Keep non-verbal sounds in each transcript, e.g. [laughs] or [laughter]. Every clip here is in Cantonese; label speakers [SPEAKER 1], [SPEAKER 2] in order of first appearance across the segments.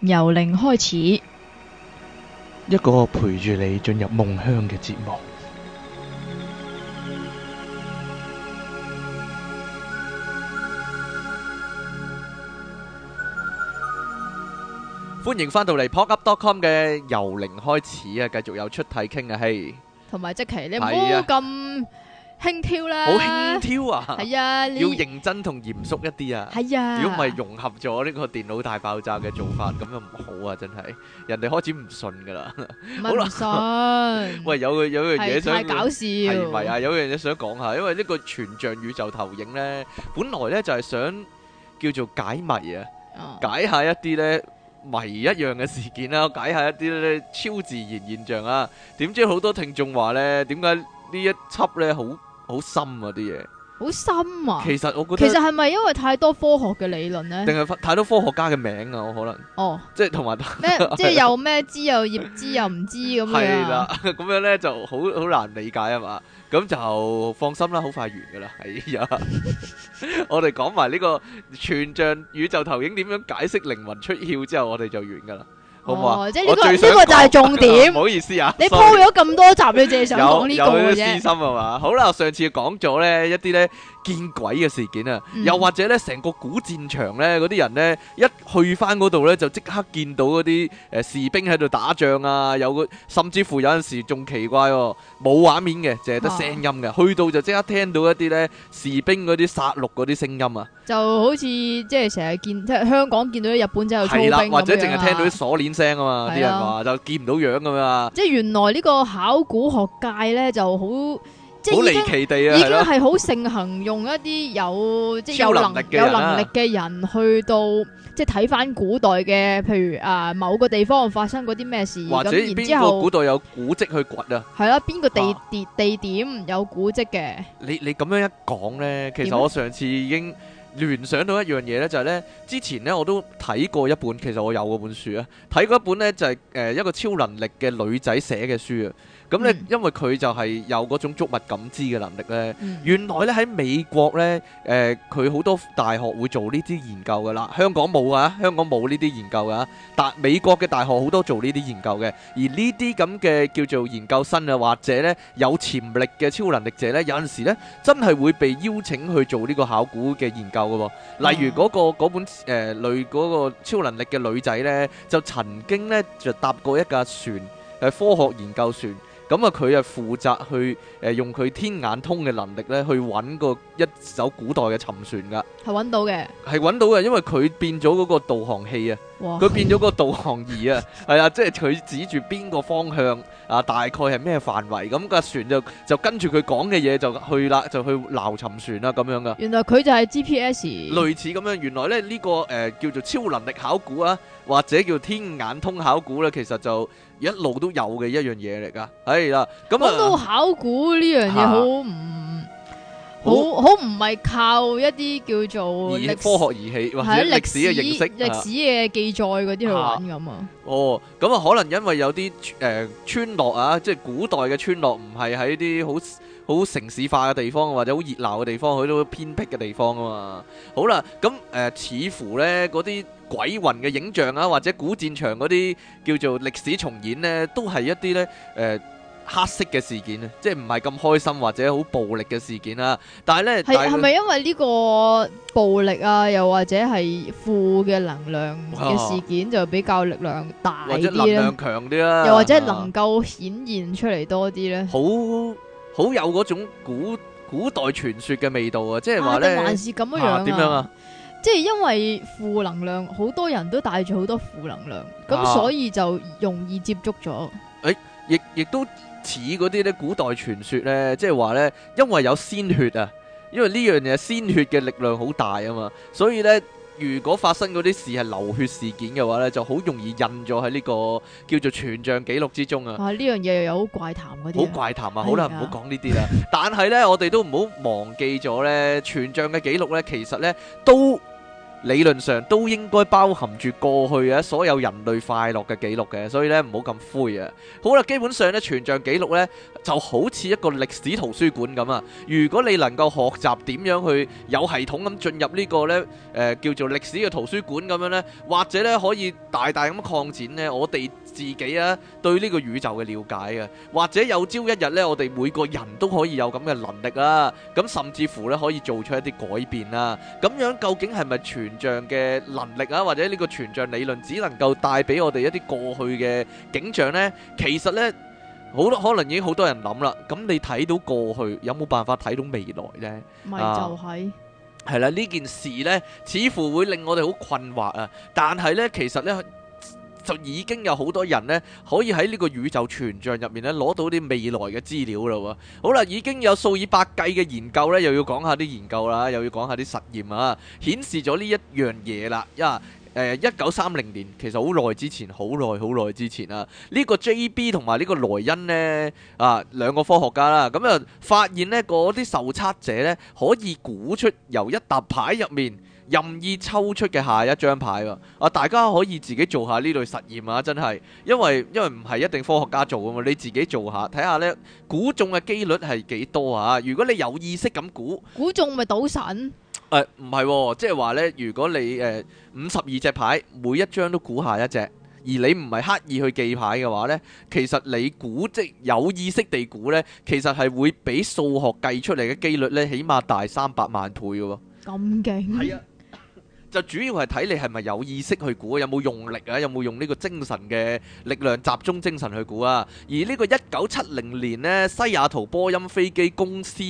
[SPEAKER 1] 由零開始，
[SPEAKER 2] 一個陪住你進入夢鄉嘅節目。歡迎翻到嚟 podcast.com 嘅由零開始啊，繼續有出體傾嘅戲，
[SPEAKER 1] 同埋即期你唔好咁。輕佻啦，好輕佻
[SPEAKER 2] 啊！係啊，要認真同嚴肅一啲啊！係啊，如果唔係融合咗呢個電腦大爆炸嘅做法，咁又唔好啊！真係，人哋開始唔信噶啦，唔信。喂，有嘅有樣嘢想，太搞笑。係咪啊？有樣嘢想講下，因為呢個全像宇宙投影咧，本來咧就係想叫做解謎啊，解下一啲咧謎一樣嘅事件啦，解下一啲咧超自然現象啊。點知好多聽眾話咧，點解呢一輯咧好？好深啊！啲嘢
[SPEAKER 1] 好深啊！其
[SPEAKER 2] 實我覺得其實係
[SPEAKER 1] 咪因為太多科學嘅理論咧，定
[SPEAKER 2] 係太多科學家嘅名啊？我可能哦，即係同埋咩，麼 [laughs] 了即係 [laughs] 有
[SPEAKER 1] 咩知又葉知又唔知咁樣係啦、
[SPEAKER 2] 啊。咁 [laughs] 樣咧就好好難理解啊嘛。咁就放心啦，好快完噶啦。哎呀， [laughs] [laughs] [laughs] 我哋講埋呢個全像宇宙投影點樣解釋靈魂出竅之後，我哋就完噶啦。好唔好啊？即係呢、呢個呢個就係重點。唔、 [laughs] 哦、好意思啊，你鋪咗
[SPEAKER 1] 咁多集， [laughs] 你淨係想講呢個啫。 [laughs] 有私心
[SPEAKER 2] 啊嘛？ [laughs] 好啦，我上次講咗咧一啲咧。見鬼嘅事件啊！嗯、又或者咧，成個古戰場咧，嗰啲人咧一去翻嗰度咧，就即刻見到嗰啲誒士兵喺度打仗啊！有個甚至乎有陣時仲奇怪喎、啊，冇畫面嘅，淨係得聲音嘅。啊、去到就即刻聽到一啲咧士兵嗰啲殺戮嗰啲聲音啊！
[SPEAKER 1] 就好似即係成日見，即係香港見到啲日本仔有，係啦，或者淨係聽到啲
[SPEAKER 2] 鎖鏈聲啊嘛，啲對啦 人話就見唔到樣噶嘛。
[SPEAKER 1] 即係原來呢個考古學界咧就好。
[SPEAKER 2] 好離奇地啊！已經係好
[SPEAKER 1] 盛行用一啲有即係 [laughs] 有能力嘅人去到即係睇翻古代嘅，譬如啊某個地方發生過啲咩事，或者邊個古
[SPEAKER 2] 代有古蹟去掘啊？
[SPEAKER 1] 係啦、啊，邊個地、啊、地、地點有古蹟嘅？
[SPEAKER 2] 你你咁樣一講呢，其實我上次已經聯想到一樣嘢呢，就係呢。之前呢，我都睇過一本，其實我有嗰本書啊，睇過一本呢，就係誒一個超能力嘅女仔寫嘅書啊。咁咧，因為佢就係有嗰種觸物感知嘅能力咧。原來咧喺美國咧，誒佢好多大學會做呢啲研究㗎啦。香港冇啊，香港冇呢啲研究㗎。但美國嘅大學好多做呢啲研究嘅，而呢啲咁嘅叫做研究生啊，或者咧有潛力嘅超能力者咧，有陣時咧真係會被邀請去做呢個考古嘅研究嘅。例如嗰個嗰本誒女嗰個超能力嘅女仔咧，就曾經咧就搭過一架船，誒科學研究船。咁啊，佢啊負責去誒、呃、用佢天眼通嘅能力咧，去揾個一艘古代嘅沉船噶。係揾到嘅。係揾到嘅，因為佢變咗嗰個導航器啊。佢哇變咗個導航儀啊，係啊， [laughs] 即係佢指住邊個方向啊，大概係咩範圍咁個船就就跟住佢講嘅嘢就去啦，就去撈沉船啦咁樣噶。原來佢
[SPEAKER 1] 就係 G P S 類
[SPEAKER 2] 似咁樣。原來咧呢、呢個誒、呃、叫做超能力考古啊，或者叫天眼通考古咧，其實就一路都有嘅一樣嘢嚟噶。係啦、啊，咁、嗯、講到
[SPEAKER 1] 考古呢、啊、樣嘢好唔，啊好好唔係靠一啲叫做科學儀器，或者歷史嘅認識、歷史嘅記載嗰啲去玩咁啊。
[SPEAKER 2] 哦，咁啊，可能因為有啲誒、呃、村落啊，即係古代嘅村落，唔係喺啲好好城市化嘅地方，或者好熱鬧嘅地方，佢都偏僻嘅地方啊嘛。好啦，咁誒、呃，似乎咧嗰啲鬼魂嘅影像啊，或者古戰場嗰啲叫做歷史重演咧，都係一啲咧誒。呃黑色嘅事件咧，即係唔係咁開心或者好暴力嘅事件啦、啊。但係咧，係係咪
[SPEAKER 1] 因為呢個暴力啊，又或者係負嘅能量嘅事件就比較力量大啲、啊啊、或者力量
[SPEAKER 2] 強啲啦？又或者能
[SPEAKER 1] 夠顯現出嚟多啲咧、
[SPEAKER 2] 啊？好好有嗰種古古代傳說嘅味道啊！即係話咧，還是咁樣點樣啊？啊樣啊
[SPEAKER 1] 即係因為負能量，好多人都帶住好多負能
[SPEAKER 2] 量，咁、啊、所以
[SPEAKER 1] 就容易接觸咗。
[SPEAKER 2] 誒、欸，亦亦都。似嗰啲咧古代傳說咧，即係話咧，因為有鮮血啊，因為呢樣嘢鮮血嘅力量好大啊嘛，所以咧，如果發生嗰啲事係流血事件嘅話咧，就好容易印咗喺呢個叫做全像記錄之中啊。
[SPEAKER 1] 啊，呢樣嘢又有好怪談嗰啲。好
[SPEAKER 2] 怪談的啊！好啦，唔好講呢啲啦。但係咧，我哋都唔好忘記咗咧，全像嘅記錄咧，其實咧都。理論上都應該包含住過去嘅所有人類快樂嘅記錄嘅，所以咧，唔好咁灰啊！好啦，基本上咧，全像記錄咧就好似一個歷史圖書館咁啊。如果你能夠學習點樣去有系統咁進入呢個咧誒叫做歷史嘅圖書館咁樣咧，或者咧可以大大咁擴展咧，我哋。自己啊，對呢個宇宙嘅瞭解啊，或者有朝一日咧，我哋每個人都可以有咁嘅能力啦。咁甚至乎咧，可以做出一啲改變啦。咁樣究竟係咪全像嘅能力啊？或者呢個全像理論只能夠帶俾我哋一啲過去嘅景象咧？其實咧，好多可能已經好多人諗啦。咁你睇到過去，有冇辦法睇到未來咧？咪就係係啦，呢件事咧，似乎會令我哋好困惑啊。但係咧，其實咧。就已經有好多人咧，可以喺呢個宇宙全像入面咧攞到啲未來嘅資料啦喎！好啦，已經有數以百計嘅研究咧，又要講下啲研究啦，又要講下啲實驗啊，顯示咗呢一樣嘢啦。一九三零年，其實好耐之前，好耐好耐之前啦。呢、這個 J.B. 同埋呢個萊恩呢啊，兩個科學家啦，咁啊發現呢嗰啲受測者呢，可以估出由一沓牌入面，任意抽出嘅下一張牌，啊，大家可以自己做下呢類實驗啊，真係，因為因為唔係一定科學家做啊嘛，你自己做下睇下咧，估中嘅幾率係幾多啊？如果你有意識咁估，
[SPEAKER 1] 估中咪賭神？
[SPEAKER 2] 唔係，呃，即係話咧，如果你誒五十二隻牌，每一張都估下一隻，而你唔係刻意去記牌嘅話咧，其實你估即有意識地估咧，其實係會比數學計出嚟嘅幾率咧，起碼大三百萬倍嘅，
[SPEAKER 1] 咁勁！係啊。
[SPEAKER 2] 就主要係睇你係咪有意識去估，有冇用力啊？有冇用呢個精神嘅力量集中精神去估啊？而呢個一九七零年呢，西雅圖波音飛機公司，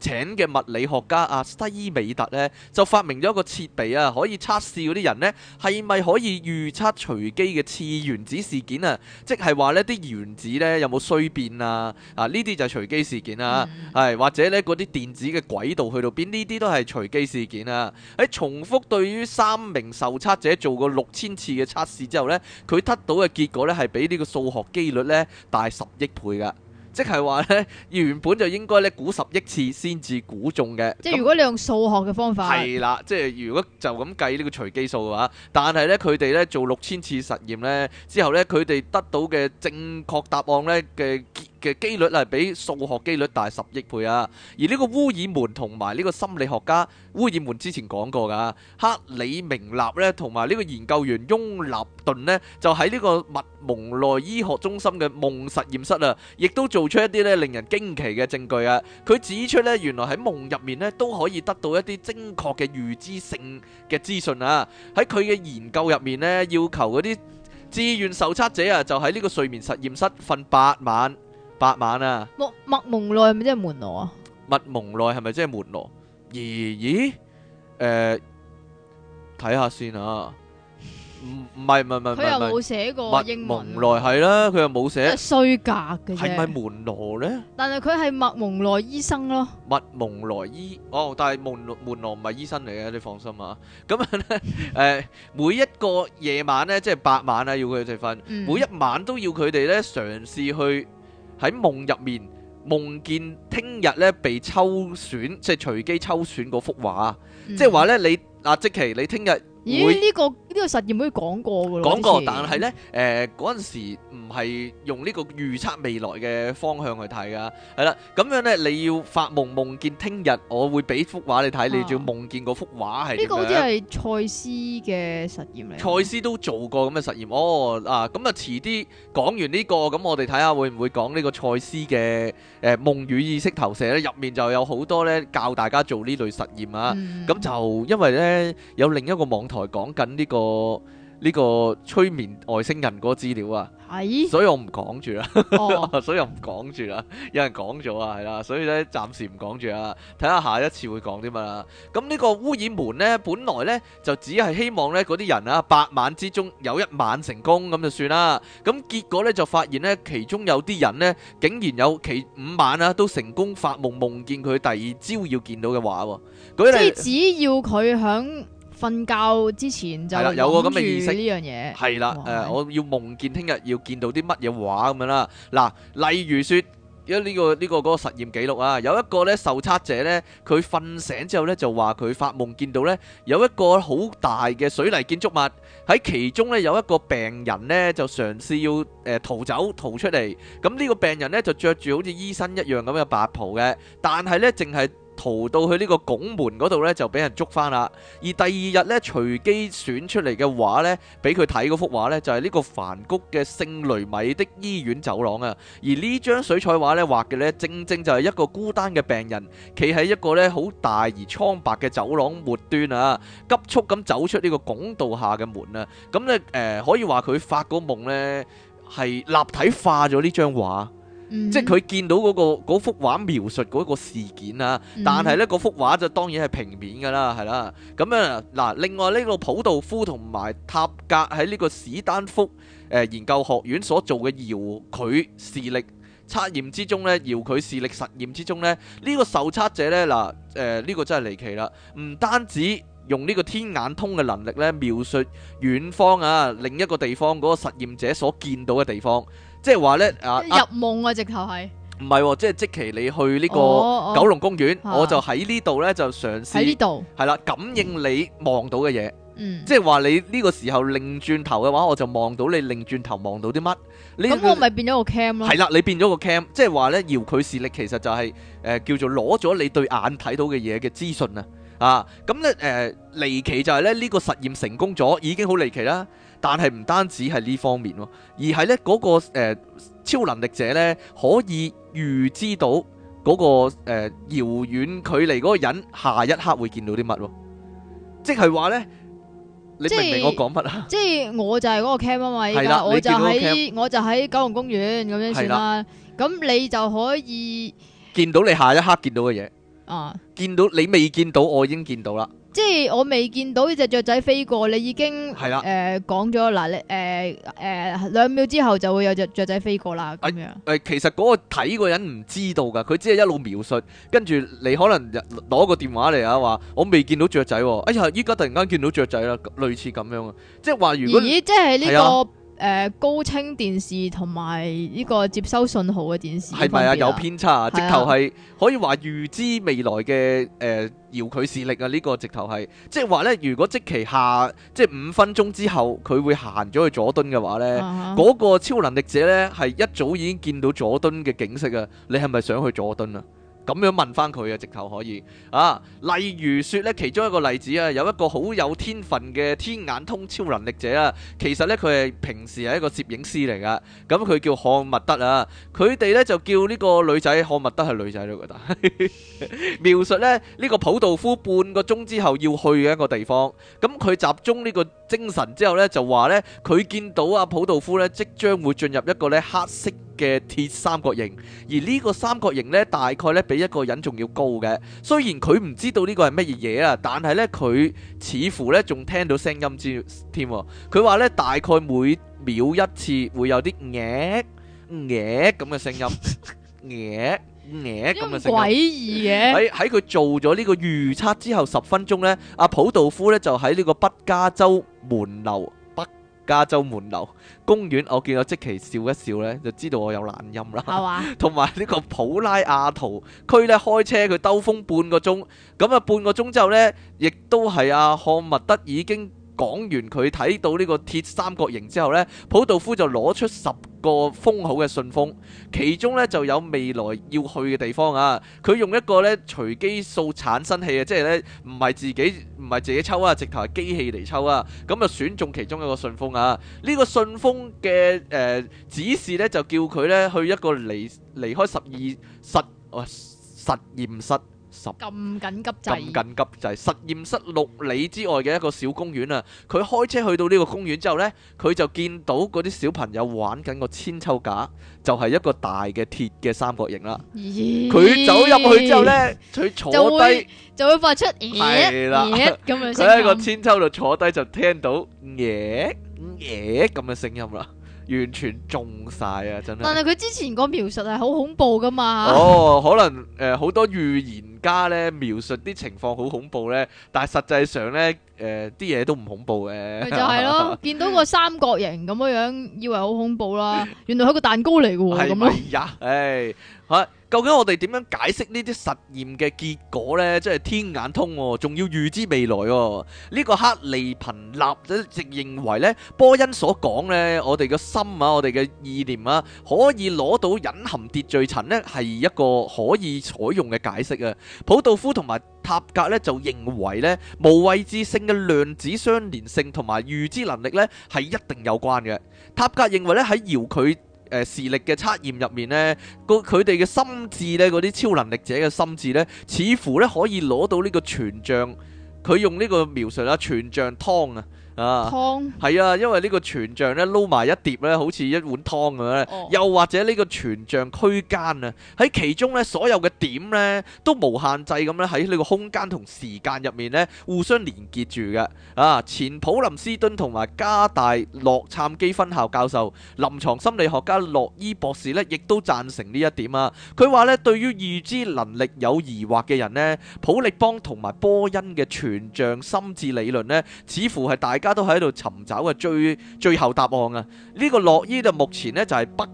[SPEAKER 2] 請嘅物理學家阿、啊、西美特呢，就發明咗一個設備啊，可以測試嗰啲人呢，係咪可以預測隨機嘅次原子事件啊，即係話呢啲原子呢，有冇衰變啊啊，呢啲就係隨機事件啊，係、嗯、或者呢嗰啲電子嘅軌道去到邊，呢啲都係隨機事件啊。喺重複對於三名受測者做過六千次嘅測試之後呢，佢得到嘅結果呢，係比呢個數學機率呢大十億倍噶。即係話咧，原本就應該咧估十億次先至估中嘅。即係如
[SPEAKER 1] 果你用數學嘅方法，係啦，
[SPEAKER 2] 即係如果就咁計呢個隨機數嘅話，但係咧佢哋咧做六千次實驗咧之後咧，佢哋得到嘅正確答案咧嘅結。嘅機率係比數學機率大十億倍啊！而呢個烏爾門同埋呢個心理學家烏爾門之前講過㗎，克里明納咧同埋呢個研究員翁立頓呢，就喺呢個密蒙內醫學中心嘅夢實驗室啊，亦都做出一啲咧令人驚奇嘅證據啊。佢指出呢，原來喺夢入面咧都可以得到一啲精確嘅預知性嘅資訊啊。喺佢嘅研究入面呢，要求嗰啲志願受測者啊，就喺呢個睡眠實驗室瞓八晚。八晚啊！
[SPEAKER 1] 麥麥蒙奈係咪即係門羅
[SPEAKER 2] 啊？麥蒙奈係咪即係門羅？咦咦？誒，睇下先啊，唔唔係唔係唔係，佢又冇寫過英文。麥蒙奈係啦，佢又冇寫衰
[SPEAKER 1] 格嘅，係咪
[SPEAKER 2] 門羅咧？
[SPEAKER 1] 但係佢係麥蒙奈醫生咯。
[SPEAKER 2] 麥蒙奈醫哦，但係門門羅唔係醫生嚟嘅，你放心啊。咁啊咧，誒，每一個夜晚咧，即係八晚啊，要佢哋瞓，每一晚都要佢哋咧嘗試去。喺夢入面夢見聽日咧被抽選，即係隨機抽選嗰幅畫，嗯、即係話咧你啊，即奇，你聽日咦，呢、呢
[SPEAKER 1] 個呢、呢個實驗冇講過噶咯，講過，但係
[SPEAKER 2] 咧誒嗰陣時。唔係用呢個預測未來嘅方向去睇噶，係啦。咁樣呢，你要發夢夢見聽日，我會俾幅畫你睇，啊、你仲要夢見嗰幅畫係呢個好？好似係
[SPEAKER 1] 賽斯嘅實驗嚟。賽
[SPEAKER 2] 斯都做過咁嘅實驗哦。啊，咁啊，遲啲講完呢、這個，咁我哋睇下會唔會講呢個賽斯嘅誒夢與意識投射咧？入面就有好多呢教大家做呢類實驗啊。咁、嗯、就因為呢，有另一個網台講緊呢個呢、這個這個催眠外星人嗰個資料啊。所以我唔講住啦，所以我唔講住啦，有人講咗啊，係啦，所以咧暫時唔講住啊，睇下下一次會講啲乜啦。咁呢個烏爾門咧，本來咧就只係希望咧嗰啲人啊八晚之中有一晚成功咁就算啦。咁結果咧就發現咧其中有啲人咧竟然有其五晚啊都成功發夢夢見佢第二朝要見到嘅話喎。舉例即係只
[SPEAKER 1] 要佢響。瞓覺之前就係啦，有個咁嘅意識呢樣嘢。係
[SPEAKER 2] 啦，誒，我要夢見聽日要見到啲乜嘢話咁樣啦。嗱，例如説，因為呢個呢個嗰個實驗記錄啊，有一個咧受測者咧，佢瞓醒之後咧就話佢發夢見到咧有一個好大嘅水泥建築物，喺其中咧有一個病人咧就嘗試要誒逃走逃出嚟。咁呢個病人咧就著住好似醫生一樣咁嘅白袍嘅，但係咧淨係。逃到去呢個拱門嗰度呢，就俾人捉翻啦。而第二日呢，隨機選出嚟嘅畫呢，俾佢睇嗰幅畫呢，就係呢個梵谷嘅聖雷米的醫院走廊啊。而呢張水彩畫呢，畫嘅呢，正正就係一個孤單嘅病人，企喺一個呢好大而蒼白嘅走廊末端啊，急速咁走出呢個拱道下嘅門啊。咁呢，誒，可以話佢發個夢呢，係立體化咗呢張畫。即係佢見到嗰、嗰個、幅畫描述嗰個事件啊，但係呢幅畫就當然係平面㗎啦，係啦。咁啊嗱，另外呢個普道夫同埋塔格喺呢個史丹福誒、呃、研究學院所做嘅遙距視力測驗之中咧，遙距視力實驗之中咧，呢、呢個受測者呢，嗱誒呢個真係離奇啦，唔單止用呢個天眼通嘅能力呢描述遠方啊，另一個地方嗰、嗰個實驗者所見到嘅地方。即係話咧，啊入
[SPEAKER 1] 夢啊，夢啊直頭係
[SPEAKER 2] 唔係？即係即期你去呢個九龍公園，哦哦、我就喺呢度咧就嘗試喺呢度係啦，感應你望到嘅嘢。嗯、即係話你呢個時候擰轉頭嘅話，我就望到你擰轉頭望到啲乜？你咁、嗯、你我咪
[SPEAKER 1] 變咗個 cam 咯。係啦，你
[SPEAKER 2] 變咗個 cam，即係話咧遙距視力，其實就係、是、誒、呃、叫做攞咗你對眼睇到嘅嘢嘅資訊啊。啊，咁咧誒離奇就係咧呢、這個實驗成功咗，已經好離奇啦。但係唔單止係呢方面咯，而係咧嗰個誒超能力者咧可以預知到嗰個誒遙遠距離嗰個人下一刻會見到啲乜咯，即係話咧，你明唔明我講乜啊？
[SPEAKER 1] 即係我就係嗰個 cam 啊嘛，依家我就喺我就喺九龍公園咁樣算啦，咁你就可以
[SPEAKER 2] 見到你下一刻見到嘅嘢啊，見到你未見到，我已經見到啦。
[SPEAKER 1] 即係我未見到呢隻雀仔飛過，你已經係啦，誒講咗喇，你誒誒兩秒之後就會有隻雀仔飛過啦
[SPEAKER 2] 咁樣。誒、啊，其實嗰個睇嘅人唔知道㗎，佢只係一路描述，跟住你可能攞個電話嚟，啊，話我未見到雀仔，哎呀，依家突然間見到雀仔啦，類似咁樣啊，即係話如果，咦、欸，即係呢個、啊？
[SPEAKER 1] 誒、呃，高清電視同埋呢個接收信號嘅電視係咪啊？有偏差的、呃、啊，這個、直頭係
[SPEAKER 2] 可以話預知未來嘅誒遙距視力啊！呢個直頭係，即係話呢，如果即期下即係五分鐘之後佢會行咗去佐敦嘅話呢嗰、uh huh. 個超能力者呢係一早已經見到佐敦嘅景色啊！你係咪想去佐敦啊？咁樣問翻佢啊，直頭可以啊。例如説咧，其中一個例子啊，有一個好有天分嘅天眼通超能力者啊，其實咧佢係平時係一個攝影師嚟噶。咁佢叫漢麥德啊，佢哋咧就叫呢個女仔漢麥德係女仔都覺得描述咧呢個普道夫半個鐘之後要去嘅一個地方。咁佢集中呢個精神之後咧，就話咧佢見到阿普道夫咧即將會進入一個咧黑色。嘅鐵三角形，而呢個三角形咧，大概咧比一個人仲要高嘅。雖然佢唔知道呢個係乜嘢嘢啊，但係咧佢似乎咧仲聽到聲音之添。佢話咧大概每秒一次會有啲嘢嘢咁嘅聲音，嘢嘢咁嘅聲音。詭異嘅喺喺佢做咗呢個預測之後十分鐘咧，阿普道夫咧就喺呢個北加州門樓加州門樓公園，我見到積奇笑一笑呢，就知道我有懶音啦。同埋呢個普拉亞圖區呢，開車佢兜風半個鐘，咁啊半個鐘之後呢，亦都係啊漢密德已經。講完佢睇到呢個鐵三角形之後呢，普道夫就攞出十個封好嘅信封，其中呢就有未來要去嘅地方啊！佢用一個呢隨機數產生器啊，即係呢唔係自己唔係自己抽啊，直頭係機器嚟抽啊！咁就選中其中一個信封啊！呢個信封嘅誒指示呢，就叫佢呢去一個離離開十二實喂實驗室。咁緊急就係，咁緊急就係，實驗室六里之外嘅一個小公園啊，佢開車去到呢個公園之後咧，佢就見到嗰啲小朋友玩緊個千秋架，就係一個大嘅鐵嘅三角形啦。
[SPEAKER 1] 佢走入去之後咧，
[SPEAKER 2] 佢坐低就
[SPEAKER 1] 會發出，係啦，咁樣聲音，佢喺個千
[SPEAKER 2] 秋度坐低就聽到耶耶咁嘅聲音啦。完全中晒啊！真係，但係
[SPEAKER 1] 佢之前個描述係好恐怖㗎嘛？哦，
[SPEAKER 2] 可能誒好、呃、多預言家咧描述啲情況好恐怖咧，但係實際上咧誒啲嘢都唔恐怖嘅。咪就係咯，
[SPEAKER 1] 見 [laughs] 到個三角形咁樣樣，以為好恐怖啦，原來係個蛋糕嚟㗎喎，咁樣
[SPEAKER 2] [laughs] 哎、呀？誒、 [laughs] 哎，哎究竟我哋點樣解釋呢啲實驗嘅結果咧？即係天眼通喎，仲要預知未來喎。呢個克利彭納咧，一直認為咧，波恩所講咧，我哋嘅心啊，我哋嘅意念啊，可以攞到隱含秩序層咧，係一個可以採用嘅解釋啊。普道夫同埋塔格咧就認為咧，無位置性嘅量子相連性同埋預知能力咧係一定有關嘅。塔格認為咧喺遙距誒視力嘅測驗入面呢，佢哋嘅心智呢，嗰啲超能力者嘅心智呢，似乎呢可以攞到呢個全像，佢用呢個描述啦，全像湯啊！啊，係湯啊，因為呢個全像呢，撈埋一碟呢，好似一碗湯咁咧。哦、又或者呢個全像區間啊，喺其中呢，所有嘅點呢，都無限制咁咧喺呢個空間同時間入面呢，互相連結住嘅。啊，前普林斯頓同埋加大洛杉磯分校教授臨牀心理學家洛伊博士呢，亦都贊成呢一點啊。佢話呢，對於預知能力有疑惑嘅人呢，普力邦同埋波恩嘅全像心智理論呢，似乎係大家都喺度尋找嘅最最後答案啊！呢、這個洛伊就目前呢，就係北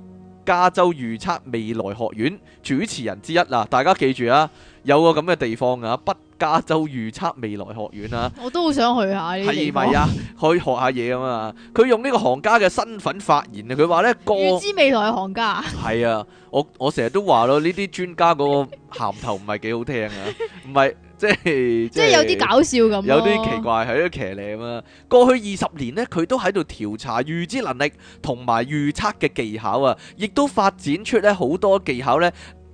[SPEAKER 2] 加州預測未來學院主持人之一啦。大家記住啊，有個咁嘅地方啊，北加州預測未來學院啊。
[SPEAKER 1] 我都好想去下，係咪啊？
[SPEAKER 2] 可以學下嘢啊嘛！佢用呢個行家嘅身份發言啊，佢話呢：個「預知
[SPEAKER 1] 未來行家
[SPEAKER 2] 係 [laughs] 啊！我我成日都話咯，呢啲專家嗰個銜頭唔係幾好聽啊，唔係。即係即係有啲搞笑咁，啊，有啲奇怪係啲騎呢嘛？過去二十年呢，佢都喺度調查預知能力同埋預測嘅技巧啊，亦都發展出咧好多技巧呢，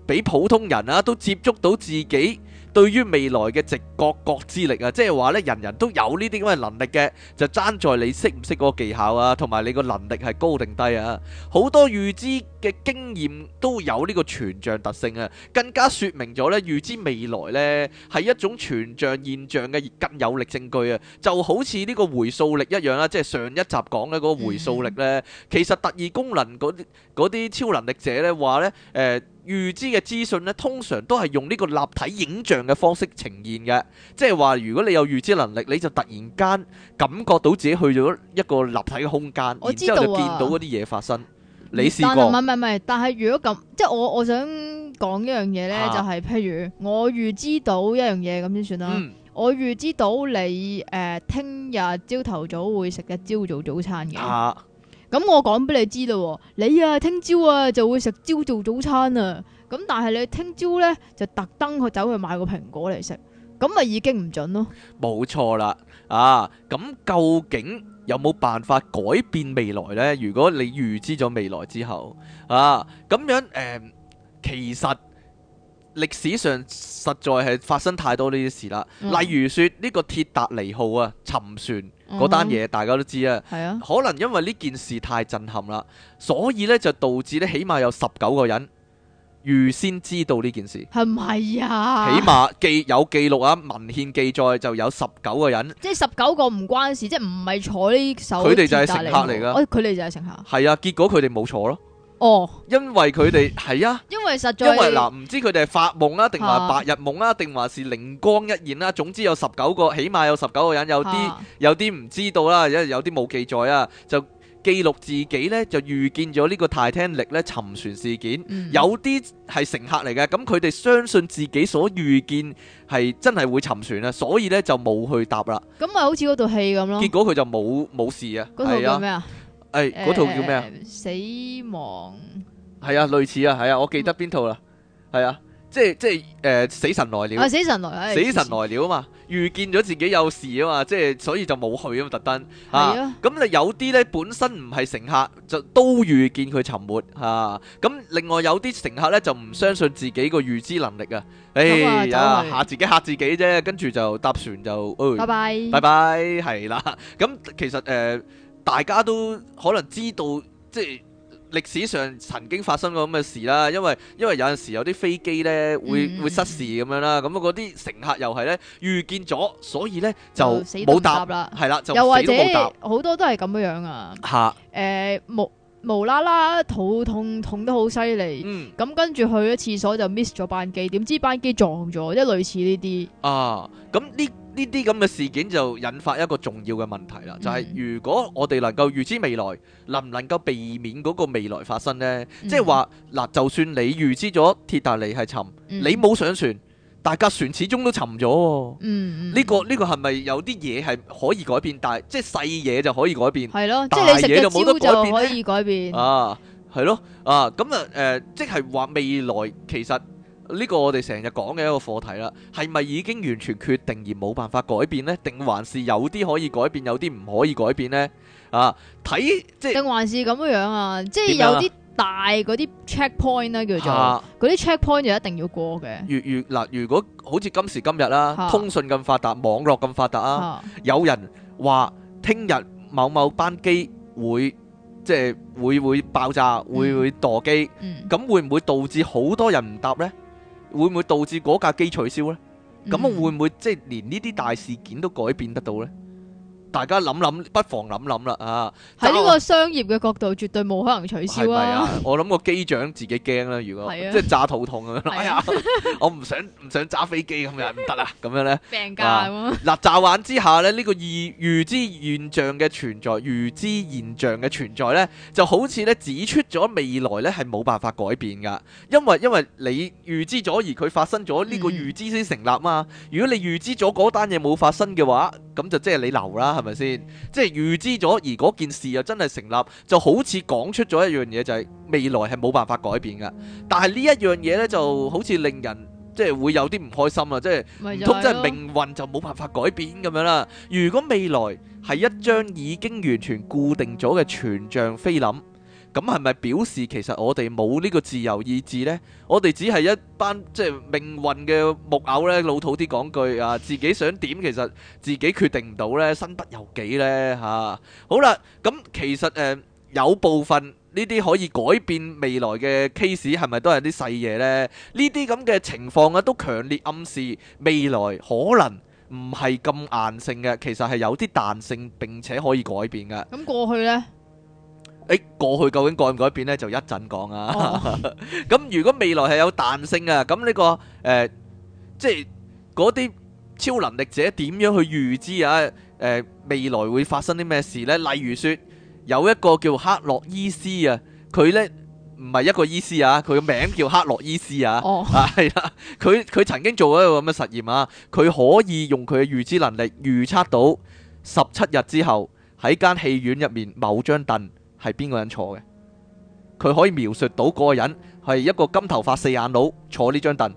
[SPEAKER 2] 俾普通人啊都接觸到自己。對於未來嘅直覺覺知力啊，即係話咧，人人都有呢啲咁嘅能力嘅，就爭在你識唔識嗰個技巧啊，同埋你個能力係高定低啊。好多預知嘅經驗都有呢個全像特性啊，更加説明咗咧預知未來咧係一種全像現象嘅更有力證據啊。就好似呢個回溯力一樣啦，即係上一集講嘅嗰個回溯力咧，其實特異功能嗰嗰啲超能力者咧話咧，誒。預知嘅資訊咧，通常都係用呢個立體影像嘅方式呈現嘅，即係話如果你有預知能力，你就突然間感覺到自己去咗一個立體嘅空間，我知道啊、然之後就見到嗰啲嘢發生。你試過？但係唔
[SPEAKER 1] 係唔係，但係如果咁，即係我我想講一樣嘢咧，啊、就係譬如我預知到一樣嘢咁先算啦，嗯、我預知到你誒聽日朝頭早會食嘅朝早早餐嘅。啊咁我講俾你知啦，你啊聽朝啊就會食蕉做早餐啊，咁但係你聽朝呢，就特登去走去買個蘋果嚟食，咁咪已經唔準咯。
[SPEAKER 2] 冇錯啦，啊，咁究竟有冇辦法改變未來呢？如果你預知咗未來之後，啊，咁樣誒、嗯，其實歷史上實在係發生太多呢啲事啦。嗯、例如說呢個鐵達尼號啊沉船。嗰單嘢大家都知啊，嗯、哼可能因為呢件事太震撼啦，所以咧就導致咧，起碼有十九個人預先知道呢件事，
[SPEAKER 1] 係咪啊？起碼
[SPEAKER 2] 記有記錄啊， [laughs] 文獻記載就有十九個人，
[SPEAKER 1] 即係十九個唔關事，即係唔係坐呢艘，佢哋就係乘客嚟噶，佢哋就係乘
[SPEAKER 2] 客，係啊，結果佢哋冇坐咯。哦，因為佢哋係啊，
[SPEAKER 1] 因為實在，因為嗱，唔、
[SPEAKER 2] 呃、知佢哋係發夢啊，定話白日夢啊，定話、啊、是靈光一現啦、啊。總之有十九個，起碼有十九個人有啲、啊、有啲唔知道啦、啊，有有啲冇記載啊，就記錄自己呢，就預見咗呢個泰坦尼咧沉船事件，嗯、有啲係乘客嚟嘅，咁佢哋相信自己所預見係真係會沉船啊，所以呢就冇去搭啦。
[SPEAKER 1] 咁咪好似嗰套戲咁咯。結
[SPEAKER 2] 果佢就冇冇事啊。嗰啊？誒，嗰、哎欸、套叫咩啊？
[SPEAKER 1] 死亡，
[SPEAKER 2] 係啊，類似啊，係啊，我記得邊套啦，係啊，即係即係誒、呃，死神來了，啊、死神來了，死神來了啊嘛，預見咗自己有事啊嘛，即係所以就冇去啊嘛，特登啊，咁啊有啲咧本身唔係乘客就都預見佢沉沒啊，咁另外有啲乘客咧就唔相信自己個預知能力啊，啊哎呀吓去、啊、自己吓自己啫，跟住就搭船就，哎、拜拜拜拜係啦，咁其實誒。呃大家都可能知道，即係歷史上曾經發生過咁嘅事啦，因為因為有陣時有啲飛機咧會會失事咁、嗯、樣啦，咁嗰啲乘客又係咧遇見咗，所以咧就冇搭啦，係啦，就又或者
[SPEAKER 1] 好多都係咁樣樣啊，吓誒冇。呃無啦啦肚痛痛得好犀利，咁、嗯、跟住去咗廁所就 miss 咗班機，點知班機撞咗，即係類似呢啲。
[SPEAKER 2] 啊，咁呢呢啲咁嘅事件就引發一個重要嘅問題啦，嗯、就係如果我哋能夠預知未來，能唔能夠避免嗰個未來發生呢？嗯、即係話嗱，就算你預知咗鐵達尼係沉，你冇上船。大架船始終都沉咗、哦，嗯，呢、這個呢、這個係咪有啲嘢係可以改變？但係即係細嘢就可以改變，係咯，即係你食嘅蕉就冇得改變啊，係咯啊，咁啊，誒、呃，即係話未來其實呢、這個我哋成日講嘅一個課題啦，係咪已經完全決定而冇辦法改變呢？定還是有啲可以改變，有啲唔可以改變呢？啊，睇
[SPEAKER 1] 即定還是咁樣啊？即係有啲。大嗰啲 checkpoint 咧叫做，嗰啲 checkpoint 就一定要過嘅。
[SPEAKER 2] 如如嗱，如果好似今時今日啦，通訊咁發達，網絡咁發達啊，有人話聽日某某班機會即係會會爆炸，會會墮機，咁會唔會導致好多人唔搭咧？會唔會導致嗰架機取消咧？咁會唔會即係連呢啲大事件都改變得到咧？大家諗諗，不妨諗諗啦啊！喺呢個
[SPEAKER 1] 商業嘅角度，啊、絕對冇可能取消啊！係咪啊？
[SPEAKER 2] 我諗個機長自己驚啦，如果是、啊、即係炸肚痛咁樣，是啊、哎呀， [laughs] 我唔想唔想揸飛機咁樣，唔得啊！咁樣呢？ [laughs] 病假嗱、啊啊啊，炸玩之下呢，呢、呢個預預知現象嘅存在，預知現象嘅存在呢，就好似咧指出咗未來呢係冇辦法改變噶，因為因為你預知咗而佢發生咗，呢個預知先成立嘛。嗯、如果你預知咗嗰單嘢冇發生嘅話，咁就即係你流啦。係咪先？即係預知咗，而嗰件事又真係成立，就好似講出咗一樣嘢，就係未來係冇辦法改變噶。但係呢一樣嘢呢，就好似令人即係會有啲唔開心啊！即係突，即係命運就冇辦法改變咁樣啦。如果未來係一張已經完全固定咗嘅全像菲林，咁係咪表示其實我哋冇呢個自由意志呢？我哋只係一班即係命運嘅木偶呢，老土啲講句啊，自己想點其實自己決定唔到呢，身不由己呢吓。好啦，咁其實誒有部分呢啲可以改變未來嘅 case 係咪都係啲細嘢呢？呢啲咁嘅情況啊都強烈暗示未來可能唔係咁硬性嘅，其實係有啲彈性並且可以改變嘅。
[SPEAKER 1] 咁過去呢？
[SPEAKER 2] 誒、哎，過去究竟改唔改變呢？就一陣講啊。咁 [laughs] 如果未來係有彈性啊，咁呢、呢個誒、呃，即係嗰啲超能力者點樣去預知啊？誒、呃，未來會發生啲咩事呢？例如說，有一個叫克洛伊斯啊，佢呢唔係一個醫師啊，佢個名叫克洛伊斯啊。係啦， [laughs] [laughs] 佢佢曾經做咗一個咁嘅實驗啊，佢可以用佢嘅預知能力預測到十七日之後喺間戲院入面某張凳。係邊個人坐嘅？佢可以描述到嗰個人係一個金頭髮四眼佬坐呢張凳，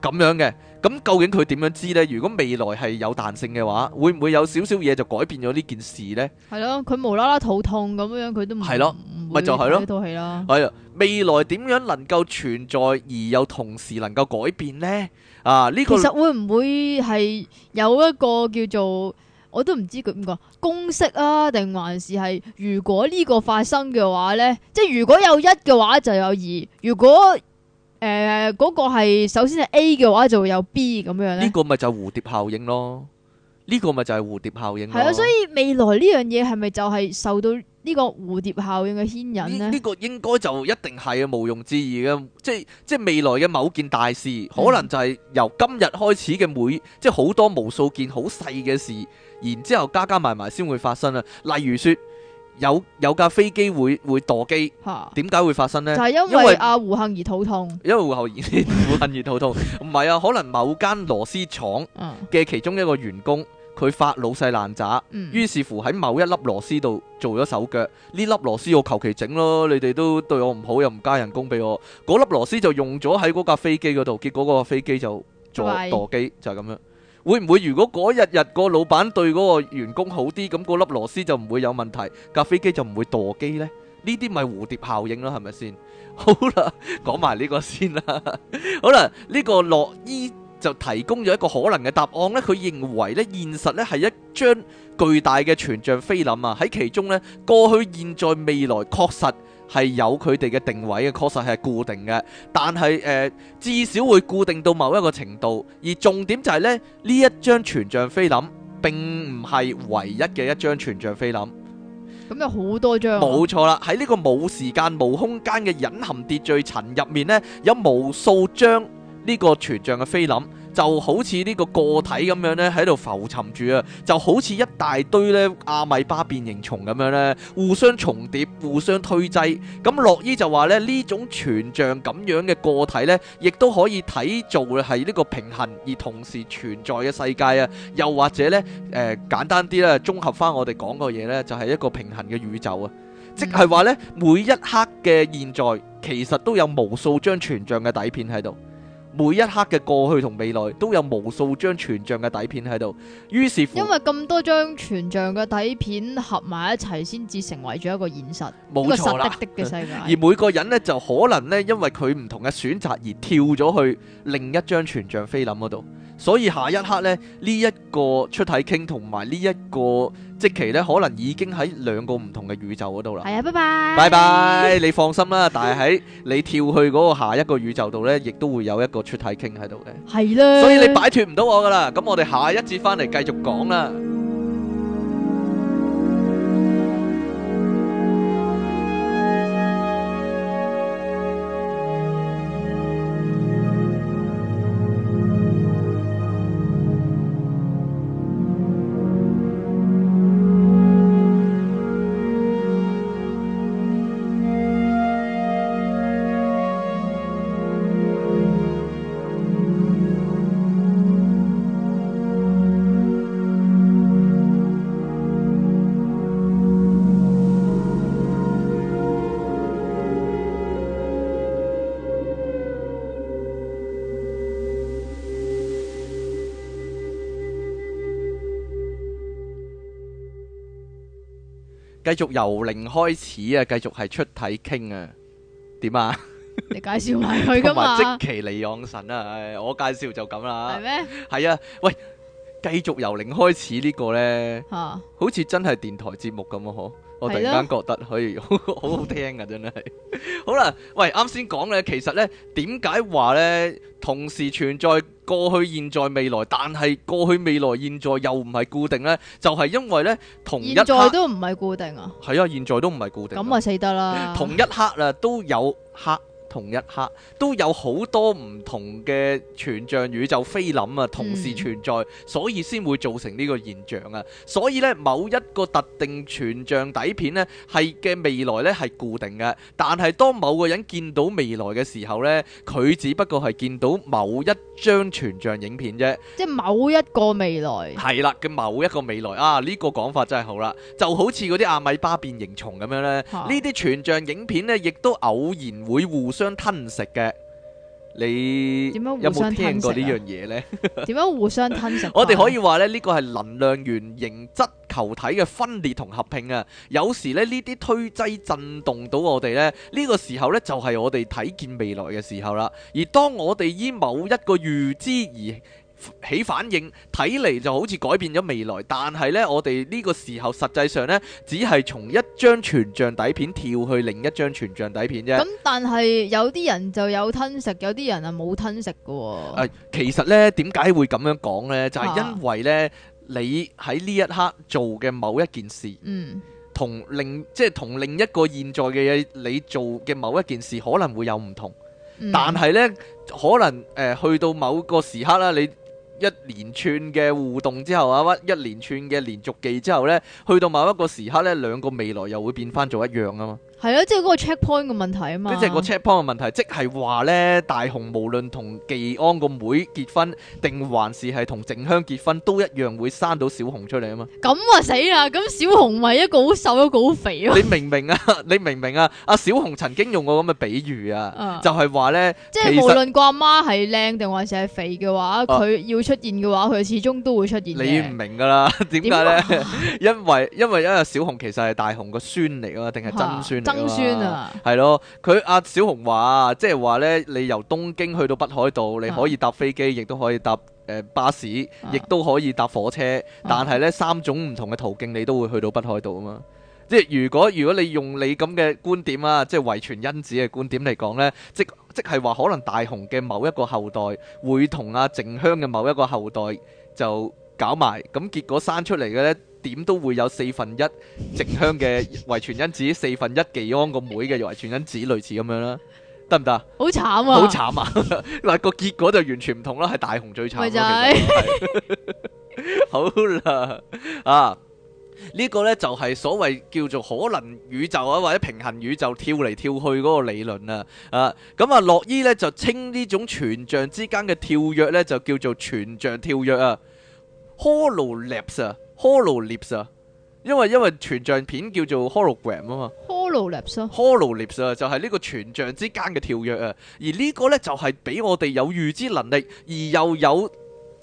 [SPEAKER 2] 咁樣嘅。咁究竟佢點樣知呢？如果未來係有彈性嘅話，會唔會有少少嘢就改變咗呢件事呢？
[SPEAKER 1] 係咯，佢無啦啦肚痛咁樣，佢都唔係咯，咪就係咯，套戲啦。
[SPEAKER 2] 係啊，未來點樣能夠存在而又同時能夠改變呢？啊，呢個其實
[SPEAKER 1] 會唔會係有一個叫做？我都唔知佢點講，公式啊，定還是係，如果呢個發生嘅話呢？即係如果有一嘅話就有二，如果誒嗰、呃那個係首先係 A 嘅話就會有 B 咁樣呢？呢
[SPEAKER 2] 個咪就係蝴蝶效應咯，呢、這個咪就係蝴蝶效應。係啊，所以
[SPEAKER 1] 未來呢樣嘢係咪就係受到呢個蝴蝶效應嘅牽引
[SPEAKER 2] 咧？呢個應該就一定係啊，毋庸置疑嘅，即係即係未來嘅某件大事，可能就係由今日開始嘅每、嗯、即係好多無數件好細嘅事。然之後加加埋埋先會發生啊！例如說，有有架飛機會會墮機，點解哈會發生呢？就係因為阿
[SPEAKER 1] 為、啊、胡杏兒肚痛，
[SPEAKER 2] 因為胡杏兒 [laughs] 胡杏兒肚痛，唔係啊，可能某間螺絲廠嘅其中一個員工，佢、嗯、發老細爛渣，於是乎喺某一粒螺絲度做咗手腳，呢、嗯、粒螺絲我求其整咯，你哋都對我唔好又唔加人工俾我，嗰粒螺絲就用咗喺嗰架飛機嗰度，結果嗰架飛機就做墮機，對就係咁樣。會唔會如果嗰一日日個老闆對嗰個員工好啲，咁嗰粒螺絲就唔會有問題，架飛機就唔會墮機咧？呢啲咪蝴蝶效應咯，係咪先？好啦，講埋呢個先啦。好啦，呢個諾伊就提供咗一個可能嘅答案咧。佢認為咧，現實咧係一張巨大嘅全像菲林啊，喺其中咧，過去、現在、未來確實。係有佢哋嘅定位嘅，確實係固定嘅。但係誒、呃，至少會固定到某一個程度。而重點就係、是、呢，呢一張全像菲林並唔係唯一嘅一張全像菲林。
[SPEAKER 1] 咁有好多張、啊。冇
[SPEAKER 2] 錯啦，喺呢個冇時間、冇空間嘅隱含秩序層入面呢，有無數張呢個全像嘅菲林。就好似呢個個體咁樣咧，喺度浮沉住啊！就好似一大堆咧阿米巴變形蟲咁樣咧，互相重疊、互相推擠。咁、嗯、洛伊就話咧，呢種全像咁樣嘅個體咧，亦都可以睇做係呢個平行而同時存在嘅世界啊！又或者咧，誒、呃、簡單啲啦，綜合翻我哋講嘅嘢咧，就係、是、一個平行嘅宇宙啊！嗯、即係話咧，每一刻嘅現在，其實都有無數張全像嘅底片喺度。每一刻嘅過去同未來都有無數張全像嘅底片喺度，於是乎因為
[SPEAKER 1] 咁多張全像嘅底片合埋一齊，先至成為咗一個現實，一個實實嘅世界。 [laughs] 而
[SPEAKER 2] 每個人呢，就可能呢，因為佢唔同嘅選擇而跳咗去另一張全像菲林嗰度，所以下一刻呢，呢、這、一個出體傾同埋呢一個。即期咧，可能已經喺兩個唔同嘅宇宙嗰度啦。係
[SPEAKER 1] 啊，拜拜。拜拜，
[SPEAKER 2] 你放心啦。但係喺你跳去嗰個下一個宇宙度咧，亦都會有一個出體傾喺度嘅。係啦。所以你擺脫唔到我噶啦。咁我哋下一節翻嚟繼續講啦。繼續由零開始啊！繼續係出體傾啊，點啊？
[SPEAKER 1] [laughs] 你介紹埋佢噶嘛？即 [laughs] 其
[SPEAKER 2] 嚟養神啦、啊，我介紹就咁啦吓。係咩嗎？係 [laughs] 啊，喂，繼續由零開始個呢個咧， [laughs] 好似真係電台節目咁啊！嗬。我突然間覺得可以好好 [laughs] 好聽啊！真係 [laughs] 好啦，喂，啱先講咧，其實咧，點解話咧同時存在過去、現在、未來，但係過去、未來、現在又唔係固定咧？就係因為咧同一刻都
[SPEAKER 1] 唔係固定啊！
[SPEAKER 2] 係啊，現在都唔係固定啊，咁
[SPEAKER 1] 啊死得啦！同一
[SPEAKER 2] 刻啊，都有刻。 [laughs] 同一刻都有好多唔同嘅全像宇宙菲林啊，同時存在，嗯、所以先會造成呢個現象啊！所以咧，某一個特定全像底片咧，係嘅未來咧係固定嘅，但係當某個人見到未來嘅時候咧，佢只不過係見到某一張全像影片啫，
[SPEAKER 1] 即係某一個未來
[SPEAKER 2] 係啦，嘅某一個未來啊！呢、個講法真係好啦，就好似嗰啲阿米巴變形蟲咁樣咧，呢啲全像影片咧，亦都偶然會互相。相吞噬嘅，你有冇聽過呢樣嘢呢？點
[SPEAKER 1] 樣互相吞食？我哋可以
[SPEAKER 2] 話呢，呢個係能量源、形質球體嘅分裂同合併啊。有時呢，呢啲推擠震動到我哋呢，呢、呢個時候呢，就係我哋睇見未來嘅時候啦。而當我哋以某一個預知而。起反應睇嚟就好似改變咗未來，但係呢，我哋呢個時候實際上呢，只係從一張全像底片跳去另一張全像底片啫。咁、嗯、
[SPEAKER 1] 但係有啲人就有吞食，有啲人啊冇吞食
[SPEAKER 2] 嘅喎、哦呃。其實呢，點解會咁樣講呢？就係、是、因為呢，你喺呢一刻做嘅某一件事，嗯、啊，同另即係同另一個現在嘅嘢，你做嘅某一件事可能會有唔同，嗯、但係呢，可能誒、呃、去到某個時刻啦，你。一連串嘅互動之後啊，一連串嘅連續技之後咧，去到某一個時刻咧，兩個未來又會變翻做一樣啊嘛。
[SPEAKER 1] 係咯，即係嗰個 checkpoint 嘅問題啊嘛，即係個
[SPEAKER 2] checkpoint 嘅問題，即係話咧，大雄無論同技安個妹，妹結婚，定還是係同靜香結婚，都一樣會生到小雄出嚟啊嘛。
[SPEAKER 1] 咁啊死啦！咁小雄咪一個好瘦一個好肥啊！你
[SPEAKER 2] 明唔明啊，你明唔明啊，阿小雄曾經用過咁嘅比喻啊，就係話咧，即係無論
[SPEAKER 1] 個阿媽係靚定還是係肥嘅話，佢、啊、要出現嘅話，佢始終都會出現。你唔
[SPEAKER 2] 明噶啦，點解咧？因為因為因為小雄其實係大雄個孫嚟啊定係曾孫？生酸啊， [laughs] 啊！係咯，佢阿小紅話，即係話呢，你由東京去到北海道，你可以搭飛機，亦都可以搭巴士，亦都、啊、可以搭火車。但係呢，三種唔同嘅途徑，你都會去到北海道啊嘛。即係如果如果你用你咁嘅觀點啊，即係遺傳因子嘅觀點嚟講呢，即即係話可能大雄嘅某一個後代會同阿靜香嘅某一個後代就搞埋，咁結果生出嚟嘅呢。點都會有四分一靜香嘅遺傳因子，四分一幾安個妹嘅遺傳因子類似咁樣啦，得唔得？好慘啊！好慘啊！嗱，個結果就完全唔同啦，係大雄最慘。咪就係。好啦，啊，呢個呢就係所謂叫做可能宇宙啊，或者平衡宇宙跳嚟跳去嗰個理論啊。啊，咁啊，洛伊呢就稱呢種全像之間嘅跳躍呢，就叫做全像跳躍啊 Holo Leaps 啊。Hollow l i p s 啊，因為因為全像片叫做 hologram 啊嘛。Hollow leaps 啊 l l o l e p s, ol 就係呢個全像之間嘅跳躍啊。而呢個呢，就係俾我哋有預知能力，而又有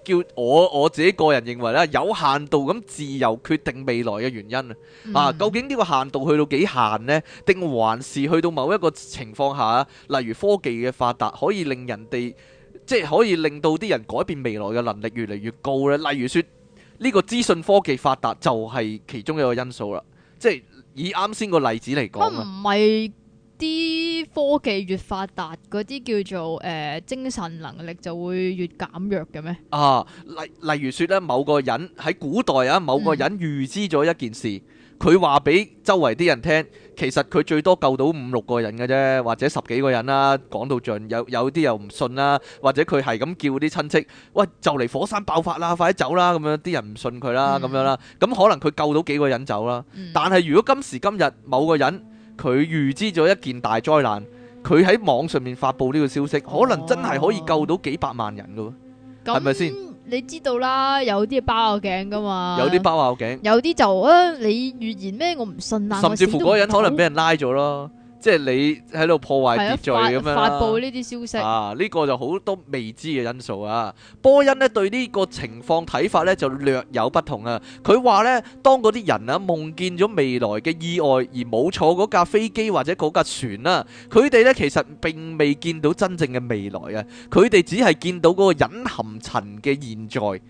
[SPEAKER 2] 叫我我自己個人認為咧，有限度咁自由決定未來嘅原因、mm. 啊。究竟呢個限度去到幾限呢？定還是去到某一個情況下，例如科技嘅發達，可以令人哋即係可以令到啲人改變未來嘅能力越嚟越高呢？例如說。呢個資訊科技發達就係其中一個因素啦，即係以啱先個例子嚟講，唔
[SPEAKER 1] 係啲科技越發達，嗰啲叫做誒、呃、精神能力就會越減弱嘅咩？
[SPEAKER 2] 啊，例例如説咧，某個人喺古代啊，某個人預知咗一件事，佢話俾周圍啲人聽。其實佢最多救到五六個人嘅啫，或者十幾個人啦。講到盡，有有啲又唔信啦，或者佢係咁叫啲親戚，喂，就嚟火山爆發啦，快啲走啦咁樣，啲人唔信佢啦咁樣啦。咁、嗯、可能佢救到幾個人走啦。嗯、但係如果今時今日某個人佢預知咗一件大災難，佢喺網上面發布呢個消息，可能真係可以救到幾百萬人㗎喎，係咪先？
[SPEAKER 1] 你知道啦，有啲包下我頸噶嘛，有啲
[SPEAKER 2] 包下我頸，
[SPEAKER 1] 有啲就啊，你預言咩我唔信啦，甚至乎嗰個人可能俾
[SPEAKER 2] 人拉咗咯。即係你喺度破壞秩序咁樣啦，發佈
[SPEAKER 1] 呢啲消息啊，
[SPEAKER 2] 呢個就好多未知嘅因素啊。波恩呢對呢個情況睇法呢就略有不同啊。佢話呢，當嗰啲人啊夢見咗未來嘅意外而冇坐嗰架飛機或者嗰架船啦，啊，佢哋呢其實並未見到真正嘅未來啊，佢哋只係見到嗰個隱含塵嘅現在。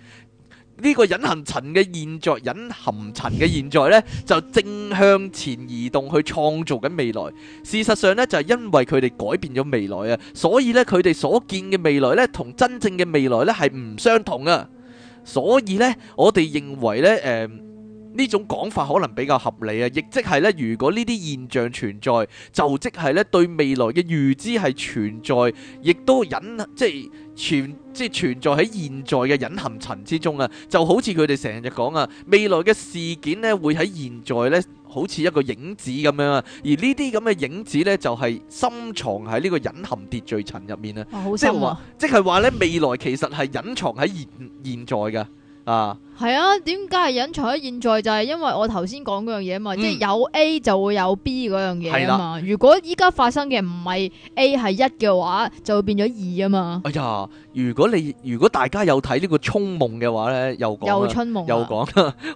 [SPEAKER 2] 呢個隱含塵嘅現在，隱含塵嘅現在呢，就正向前移動去創造緊未來。事實上呢，就係因為佢哋改變咗未來啊，所以呢，佢哋所見嘅未來呢，同真正嘅未來呢，係唔相同啊。所以呢，我哋認為呢，誒、呃。呢種講法可能比較合理啊！亦即係咧，如果呢啲現象存在，就即係咧對未來嘅預知係存在，亦都隱即係存即係存在喺現在嘅隱含層之中啊！就好似佢哋成日講啊，未來嘅事件咧會喺現在咧好似一個影子咁樣啊，而呢啲咁嘅影子咧就係深藏喺呢個隱含秩序層入面啊！即係話，即係話咧未來其實係隱藏喺現現在㗎。
[SPEAKER 1] 啊，啊，係啊，點解係隱藏喺現在就係、是、因為我頭先講嗰樣嘢啊嘛，嗯、即係有 A 就會有 B 嗰樣嘢啊嘛，是的 如果依家發生嘅唔係 A 係一嘅話，就會變咗二啊嘛。哎
[SPEAKER 2] 呀，如果你如果大家有睇、這個、呢個春夢嘅話咧，又講又春夢又講，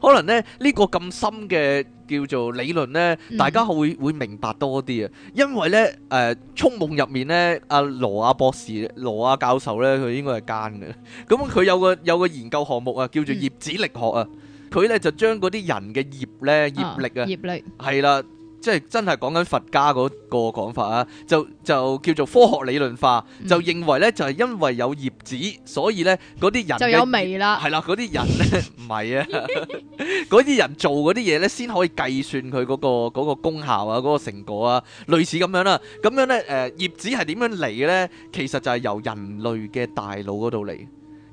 [SPEAKER 2] 可能咧呢、這個咁深嘅。叫做理論咧，嗯、大家會會明白多啲啊！因為咧，誒、呃《觸夢呢》入面咧，阿羅亞博士、羅亞教授咧，佢應該係奸嘅。咁佢有個有個研究項目啊，叫做「葉子力學」啊。佢咧就將嗰啲人嘅葉咧，葉力啊，啊、葉力係啦。即係真係講緊佛家嗰個講法啊，就就叫做科學理論化，就認為咧就係因為有業子，所以咧嗰啲人就有味啦，係啦，嗰啲人咧唔係啊，嗰啲人做嗰啲嘢咧先可以計算佢嗰個嗰個功效啊，嗰個成果啊，類似咁樣啦。咁樣咧誒，業子係點樣嚟嘅咧？其實就係由人類嘅大腦嗰度嚟，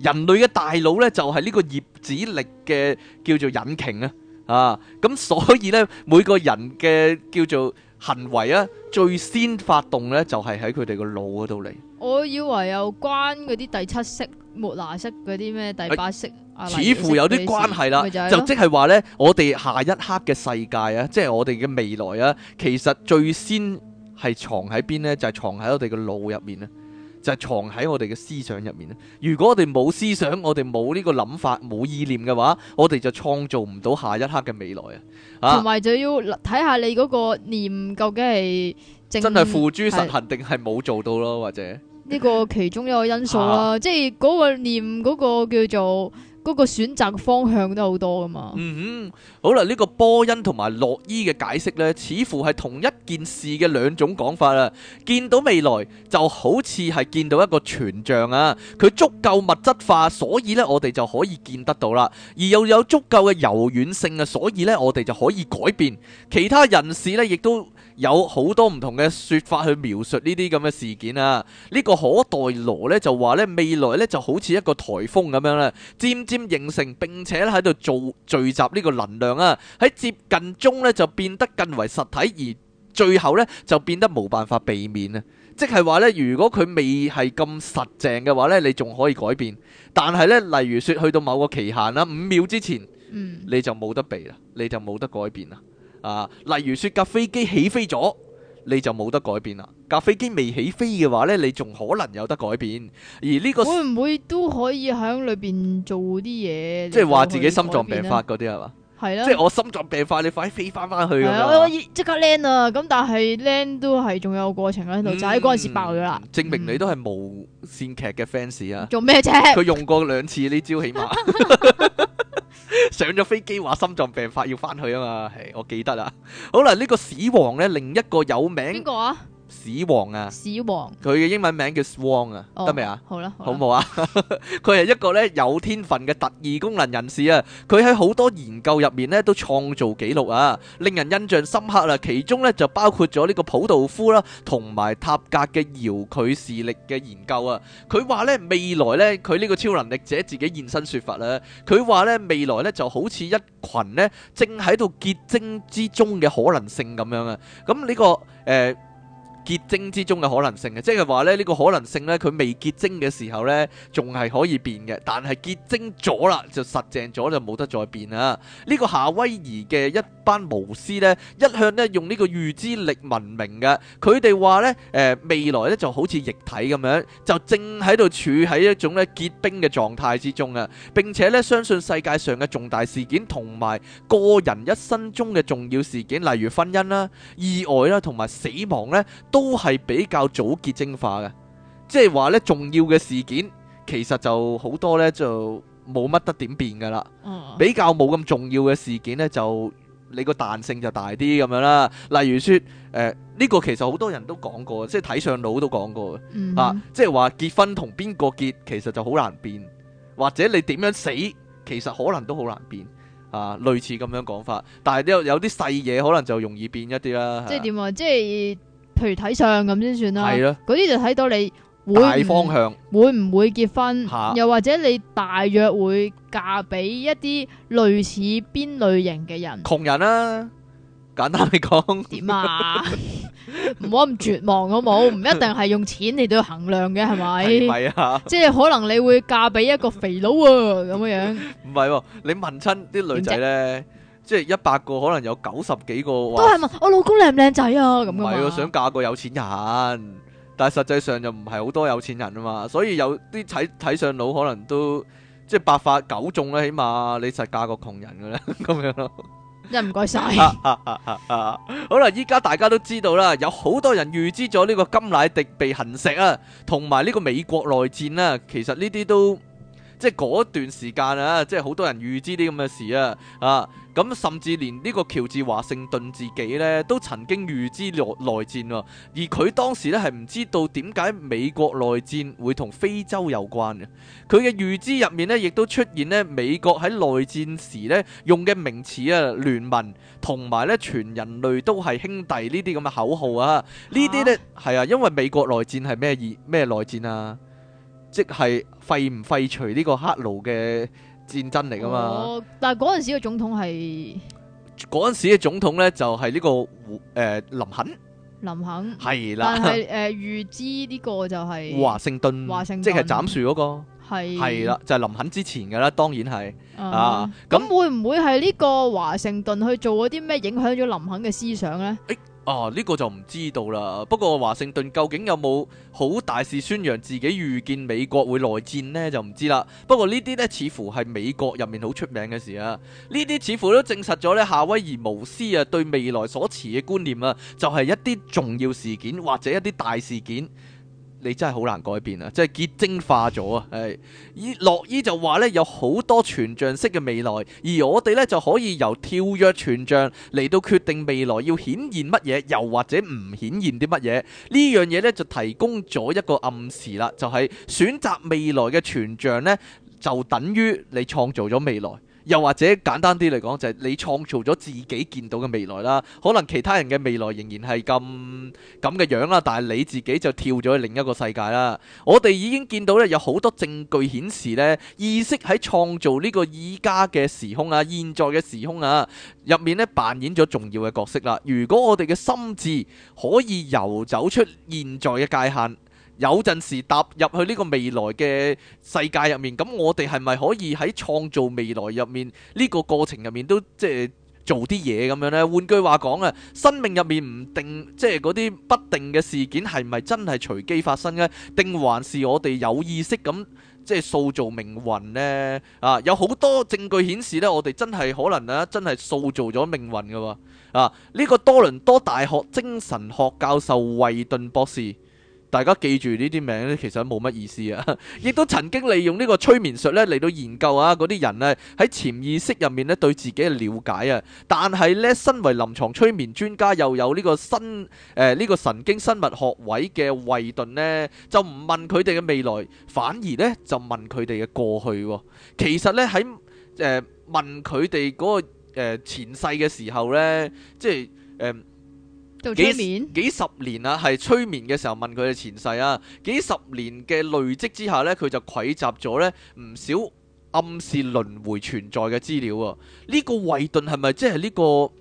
[SPEAKER 2] 人類嘅大腦咧就係呢個業子力嘅叫做引擎啊！啊，咁所以咧，每個人嘅叫做行為啊，最先發動咧，就係喺佢哋個腦嗰度嚟。
[SPEAKER 1] 我以為有關嗰啲第七識、末那識嗰啲咩第八識、哎，似乎有啲關係啦。就，就即係
[SPEAKER 2] 話咧，我哋下一刻嘅世界啊，即係我哋嘅未來啊，其實最先係藏喺邊咧，就係、是、藏喺我哋嘅腦入面啊。就係藏喺我哋嘅思想入面咧。如果我哋冇思想，我哋冇呢個諗法，冇意念嘅話，我哋就創造唔到下一刻嘅未來。啊！嚇，同埋
[SPEAKER 1] 就要睇下你嗰個念究竟係真係付諸實行
[SPEAKER 2] 定係冇做到咯，或者
[SPEAKER 1] 呢個其中一個因素啦，啊、即係嗰個念嗰個叫做。嗰個選擇方向都好多噶嘛？嗯
[SPEAKER 2] 哼，好啦，呢個波恩同埋洛伊嘅解釋呢，似乎係同一件事嘅兩種講法啊。見到未來就好似係見到一個全像啊，佢足夠物質化，所以呢我哋就可以見得到啦。而又有足夠嘅柔軟性啊，所以呢我哋就可以改變其他人士呢，亦都。有好多唔同嘅說法去描述呢啲咁嘅事件啊！呢個可代羅呢，就話咧未來呢就好似一個颱風咁樣啦，漸漸形成並且咧喺度做聚集呢個能量啊！喺接近中呢，就變得更為實體，而最後呢，就變得冇辦法避免啊！即係話呢，如果佢未係咁實淨嘅話呢，你仲可以改變，但係呢，例如說去到某個期限啦，五秒之前，你就冇得避啦，你就冇得改變啦。啊，例如說架飛機起飛咗，你就冇得改變啦。架飛機未起飛嘅話咧，你仲可能有得改變。而呢、這個會唔
[SPEAKER 1] 會都可以喺裏邊做啲嘢？即係話自己心臟病發
[SPEAKER 2] 嗰啲係嘛？係啦、啊，即係我心臟病發，你快啲飛翻翻去咁
[SPEAKER 1] 樣。即刻 land 啊！咁吧但係 land 都係仲有過程喺度，嗯、就喺嗰陣時爆咗啦。嗯、
[SPEAKER 2] 證明你都係無線劇嘅 fans 啊！嗯、做咩啫？佢用過兩次呢招起碼。 [laughs] [laughs] 上咗飛機話心臟病發要翻去啊嘛，係我記得啦。好啦，呢個屎王呢，另一個有名邊個啊？史皇啊！史皇佢嘅英文名叫 Swan 啊，得未啊？好啦，好唔好啊？佢係一個咧有天分嘅特異功能人士啊。佢喺好多研究入面咧都創造紀錄啊，令人印象深刻啦。其中咧就包括咗呢個普道夫啦，同埋塔格嘅遙距視力嘅研究啊。佢話咧未來咧，佢呢個超能力者自己現身說法啦。佢話咧未來咧就好似一群呢正喺度結晶之中嘅可能性咁樣啊。咁呢個誒。呃結晶之中嘅可能性嘅，即係話咧呢個可能性咧，佢未結晶嘅時候咧，仲係可以變嘅，但係結晶咗啦，就實淨咗就冇得再變啦。呢個夏威夷嘅一班巫師咧，一向咧用呢個預知力聞名嘅，佢哋話咧，誒未來咧就好似液體咁樣，就正喺度處喺一種咧結冰嘅狀態之中啊，並且咧相信世界上嘅重大事件同埋個人一生中嘅重要事件，例如婚姻啦、意外啦同埋死亡咧，都。都係比較早結晶化嘅，即係話呢，重要嘅事件其實就好多呢就冇乜得點變噶啦。Oh. 比較冇咁重要嘅事件呢，就你個彈性就大啲咁樣啦。例如說誒呢、呃這個其實好多人都講過，即係睇相佬都講過、mm hmm. 啊。即係話結婚同邊個結其實就好難變，或者你點樣死其實可能都好難變啊。類似咁樣講法，但係都有啲細嘢可能就容易變一啲啦、啊。即係
[SPEAKER 1] 點啊？即係。譬如睇相咁先算啦，嗰啲的就睇到你會大方向會唔會結婚，哈又或者你大約會嫁俾一啲類似邊類型嘅人，
[SPEAKER 2] 窮人啦、啊，簡單嚟講。點啊？
[SPEAKER 1] 唔好咁絕望好冇？唔一定係用錢嚟到衡量嘅係咪？唔係啊， [laughs] [laughs] 即係可能你會嫁俾一個肥佬啊咁樣。
[SPEAKER 2] 唔係喎，你問親啲女仔咧、啊。 [laughs] 即係一百個可能有九十幾個都係
[SPEAKER 1] 問我老公靚唔靚仔啊咁樣，唔係啊
[SPEAKER 2] 想嫁個有錢人，但係實際上又唔係好多有錢人啊嘛，所以有啲睇睇上腦可能都即係百發九中啦，起碼你實嫁個窮人㗎喇咁樣
[SPEAKER 1] 咯。唔該晒。
[SPEAKER 2] 好啦，依家大家都知道啦，有好多人預知咗呢個金乃迪被行刺啊，同埋呢個美國內戰啦、啊。其實呢啲都即係嗰段時間啊，即係好多人預知啲咁嘅事啊啊！咁甚至連呢個喬治華盛頓自己呢，都曾經預知內內戰喎，而佢當時呢，係唔知道點解美國內戰會同非洲有關嘅。佢嘅預知入面呢，亦都出現呢美國喺內戰時呢用嘅名詞啊，聯盟同埋呢全人類都係兄弟呢啲咁嘅口號啊。呢啲、啊、呢，係啊，因為美國內戰係咩意咩內戰啊？即係廢唔廢除呢個黑奴嘅？戰爭嚟㗎嘛、
[SPEAKER 1] 哦，但係嗰陣時嘅總統係，
[SPEAKER 2] 嗰陣時嘅總統咧就係呢、這個誒、呃、林肯，
[SPEAKER 1] 林肯
[SPEAKER 2] 係啦，了但
[SPEAKER 1] 係誒預知呢個就係、是、華
[SPEAKER 2] 盛頓，華盛頓即係斬樹嗰個
[SPEAKER 1] 係係啦，
[SPEAKER 2] 就係、是、林肯之前噶啦，當然係啊，咁、啊、
[SPEAKER 1] 會唔會係呢個華盛頓去做嗰啲咩影響咗林肯嘅思想咧？哎
[SPEAKER 2] 哦，呢、啊呢個就唔知道啦。不過華盛頓究竟有冇好大肆宣揚自己預見美國會內戰呢，就唔知啦。不過呢啲呢，似乎係美國入面好出名嘅事啊。呢啲似乎都證實咗呢夏威夷巫師啊對未來所持嘅觀念啊，就係一啲重要事件或者一啲大事件。你真係好難改變啊！即係結晶化咗啊！係，依諾依就話咧，有好多全像式嘅未來，而我哋咧就可以由跳躍全像嚟到決定未來要顯現乜嘢，又或者唔顯現啲乜嘢。呢樣嘢咧就提供咗一個暗示啦，就係、是、選擇未來嘅全像呢，就等於你創造咗未來。又或者簡單啲嚟講，就係你創造咗自己見到嘅未來啦。可能其他人嘅未來仍然係咁咁嘅樣啦，但係你自己就跳咗去另一個世界啦。我哋已經見到咧，有好多證據顯示咧意識喺創造呢個依家嘅時空啊，現在嘅時空啊入面咧扮演咗重要嘅角色啦。如果我哋嘅心智可以游走出現在嘅界限，有陣時踏入去呢個未來嘅世界入面，咁我哋係咪可以喺創造未來入面呢個過程入面都即係做啲嘢咁樣呢？換句話講啊，生命入面唔定，即係嗰啲不定嘅事件係咪真係隨機發生呢？定還是我哋有意識咁即係塑造命運呢？啊，有好多證據顯示呢，我哋真係可能啊，真係塑造咗命運噶喎。啊，呢個多倫多大學精神學教授惠頓博士。大家記住呢啲名呢，其實冇乜意思啊！亦都曾經利用呢個催眠術呢嚟到研究啊，嗰啲人呢，喺潛意識入面呢，對自己嘅了解啊。但係呢，身為臨床催眠專家又有呢個新誒呢、呃呢個神經生物學位嘅惠頓呢，就唔問佢哋嘅未來，反而呢，就問佢哋嘅過去、啊。其實呢，喺誒、呃、問佢哋嗰個、呃、前世嘅時候呢，即係誒。呃催眠幾幾十年啊，係催眠嘅時候問佢嘅前世啊，幾十年嘅累積之下呢，佢就匯集咗呢唔少暗示輪迴存在嘅資料啊。呢、這個衛頓係咪即係呢個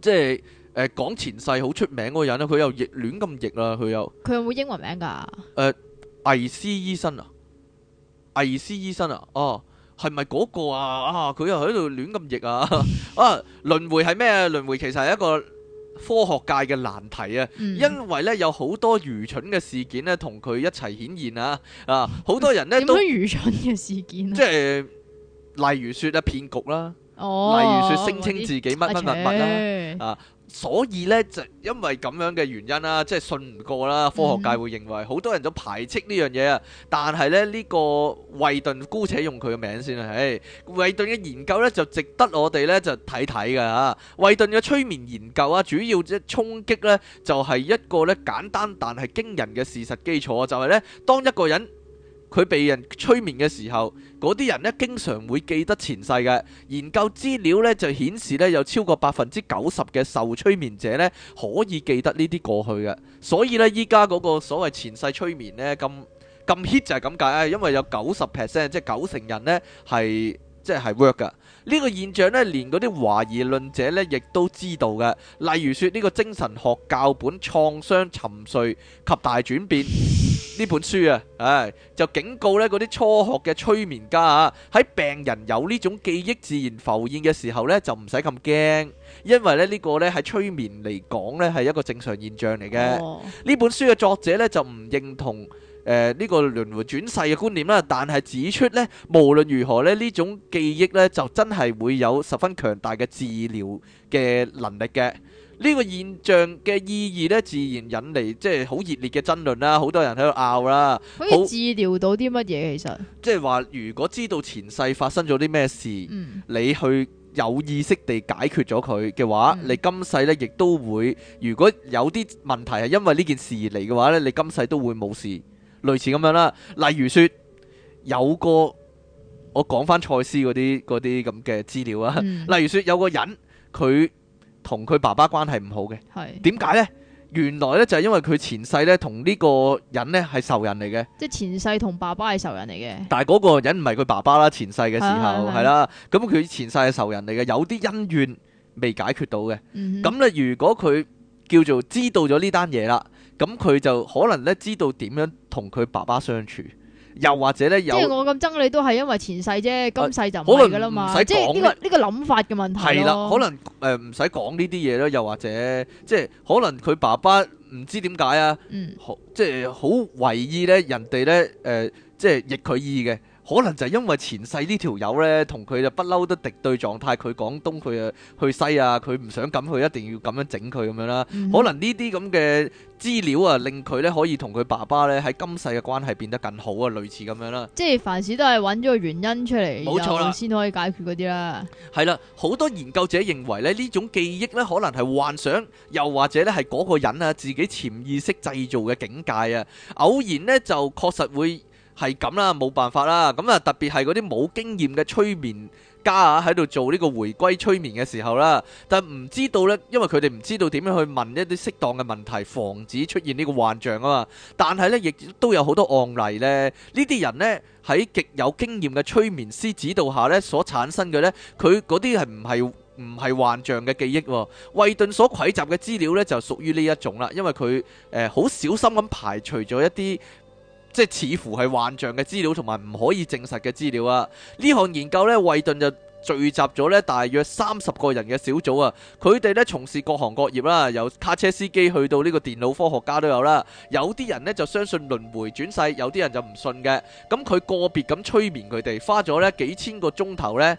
[SPEAKER 2] 即係誒講前世好出名嗰個人呢、啊，佢又亦亂咁譯啦，佢、啊、又
[SPEAKER 1] 佢有冇英文名噶？
[SPEAKER 2] 誒、呃，艾斯醫生啊，艾斯醫生啊，哦、啊，係咪嗰個啊？啊，佢又喺度亂咁譯啊？ [laughs] [laughs] 啊，輪迴係咩？輪迴其實係一個。科學界嘅難題啊，嗯、因為咧有好多愚蠢嘅事件咧同佢一齊顯現啊啊！好多人咧都愚蠢嘅事件啊？即係例如説啊騙局啦，哦、例如説聲稱自己乜乜乜啦啊。哎起啊所以咧就因為咁樣嘅原因啦，即係信唔過啦，科學界會認為好多人都排斥呢樣嘢啊。但係咧呢個惠頓姑且用佢嘅名先啦。誒，惠頓嘅研究咧就值得我哋咧就睇睇㗎嚇。惠頓嘅催眠研究啊，主要即係衝擊咧就係一個咧簡單但係驚人嘅事實基礎，就係咧當一個人佢被人催眠嘅時候，嗰啲人呢經常會記得前世嘅研究資料呢，就顯示呢有超過百分之九十嘅受催眠者呢可以記得呢啲過去嘅，所以呢，依家嗰個所謂前世催眠呢，咁咁 hit 就係咁解，因為有九十 percent 即係九成人呢，係即係 work 㗎。呢個現象呢，連嗰啲懷疑論者呢亦都知道嘅。例如說、這個，呢個精神學教本《創傷沉睡及大轉變》呢本書啊，誒、哎、就警告呢嗰啲初學嘅催眠家啊，喺病人有呢種記憶自然浮現嘅時候呢，就唔使咁驚，因為呢呢個呢，係催眠嚟講呢，係一個正常現象嚟嘅。呢、哦、本書嘅作者呢，就唔認同。誒呢、呃這個輪迴轉世嘅觀念啦，但係指出呢無論如何咧，呢種記憶呢就真係會有十分強大嘅治療嘅能力嘅。呢、這個現象嘅意義呢，自然引嚟即係好熱烈嘅爭、啊、爭論啦，啊。好多人喺度拗啦，可以治
[SPEAKER 1] 療到啲乜嘢，其
[SPEAKER 2] 實即係話，如果知道前世發生咗啲咩事，嗯、你去有意識地解決咗佢嘅話，嗯、你今世呢亦都會。如果有啲問題係因為呢件事而嚟嘅話呢，你今世都會冇事。類似咁樣啦，例如說有個，我講翻賽斯嗰啲嗰啲咁嘅資料啊。嗯、例如說有個人，佢同佢爸爸關係唔好嘅，係點解呢？原來呢，就係因為佢前世呢同呢個人呢係仇人嚟嘅，
[SPEAKER 1] 即係前世同爸爸係仇人嚟嘅。
[SPEAKER 2] 但係嗰個人唔係佢爸爸啦，前世嘅時候係、啊、啦，咁佢前世係仇人嚟嘅，有啲恩怨未解決到嘅。咁咧、嗯哼，如果佢叫做知道咗呢單嘢啦。咁佢、嗯、就可能咧知道點樣同佢爸爸相處，又或者咧有，即係我
[SPEAKER 1] 咁憎你都係因為前世啫，今世就唔係噶啦嘛，即係呢個呢個諗法嘅問題，係係啦，可能
[SPEAKER 2] 誒唔使講呢啲嘢咯，又或者即係可能佢爸爸唔知點解啊？嗯，好即係好為意咧，人哋咧誒，即係、呃、逆佢意嘅。可能就係因為前世呢條友呢，同佢就不嬲都敵對狀態，佢講東佢啊去西啊，佢唔想咁，佢一定要咁樣整佢咁樣啦。嗯、可能呢啲咁嘅資料啊，令佢呢可以同佢爸爸呢喺今世嘅關係變得更好啊，類似咁樣啦。
[SPEAKER 1] 即係凡事都係揾咗個原因出嚟，冇錯，先可以解決嗰啲啦。
[SPEAKER 2] 係啦，好多研究者認為呢，呢種記憶呢，可能係幻想，又或者呢係嗰個人啊自己潛意識製造嘅境界啊，偶然呢就確實會。係咁啦，冇辦法啦。咁啊，特別係嗰啲冇經驗嘅催眠家啊，喺度做呢個回歸催眠嘅時候啦，但唔知道呢，因為佢哋唔知道點樣去問一啲適當嘅問題，防止出現呢個幻象啊嘛。但係呢，亦都有好多案例呢。呢啲人呢，喺極有經驗嘅催眠師指導下呢，所產生嘅呢，佢嗰啲係唔係唔係幻象嘅記憶？惠頓所匯集嘅資料呢，就屬於呢一種啦，因為佢誒好小心咁排除咗一啲。即似乎係幻象嘅資料同埋唔可以證實嘅資料啊！呢項研究呢，衛頓就聚集咗呢大約三十個人嘅小組啊，佢哋呢從事各行各業啦，由卡車司機去到呢個電腦科學家都有啦。有啲人呢就相信輪迴轉世，有啲人就唔信嘅。咁佢個別咁催眠佢哋，花咗呢幾千個鐘頭呢，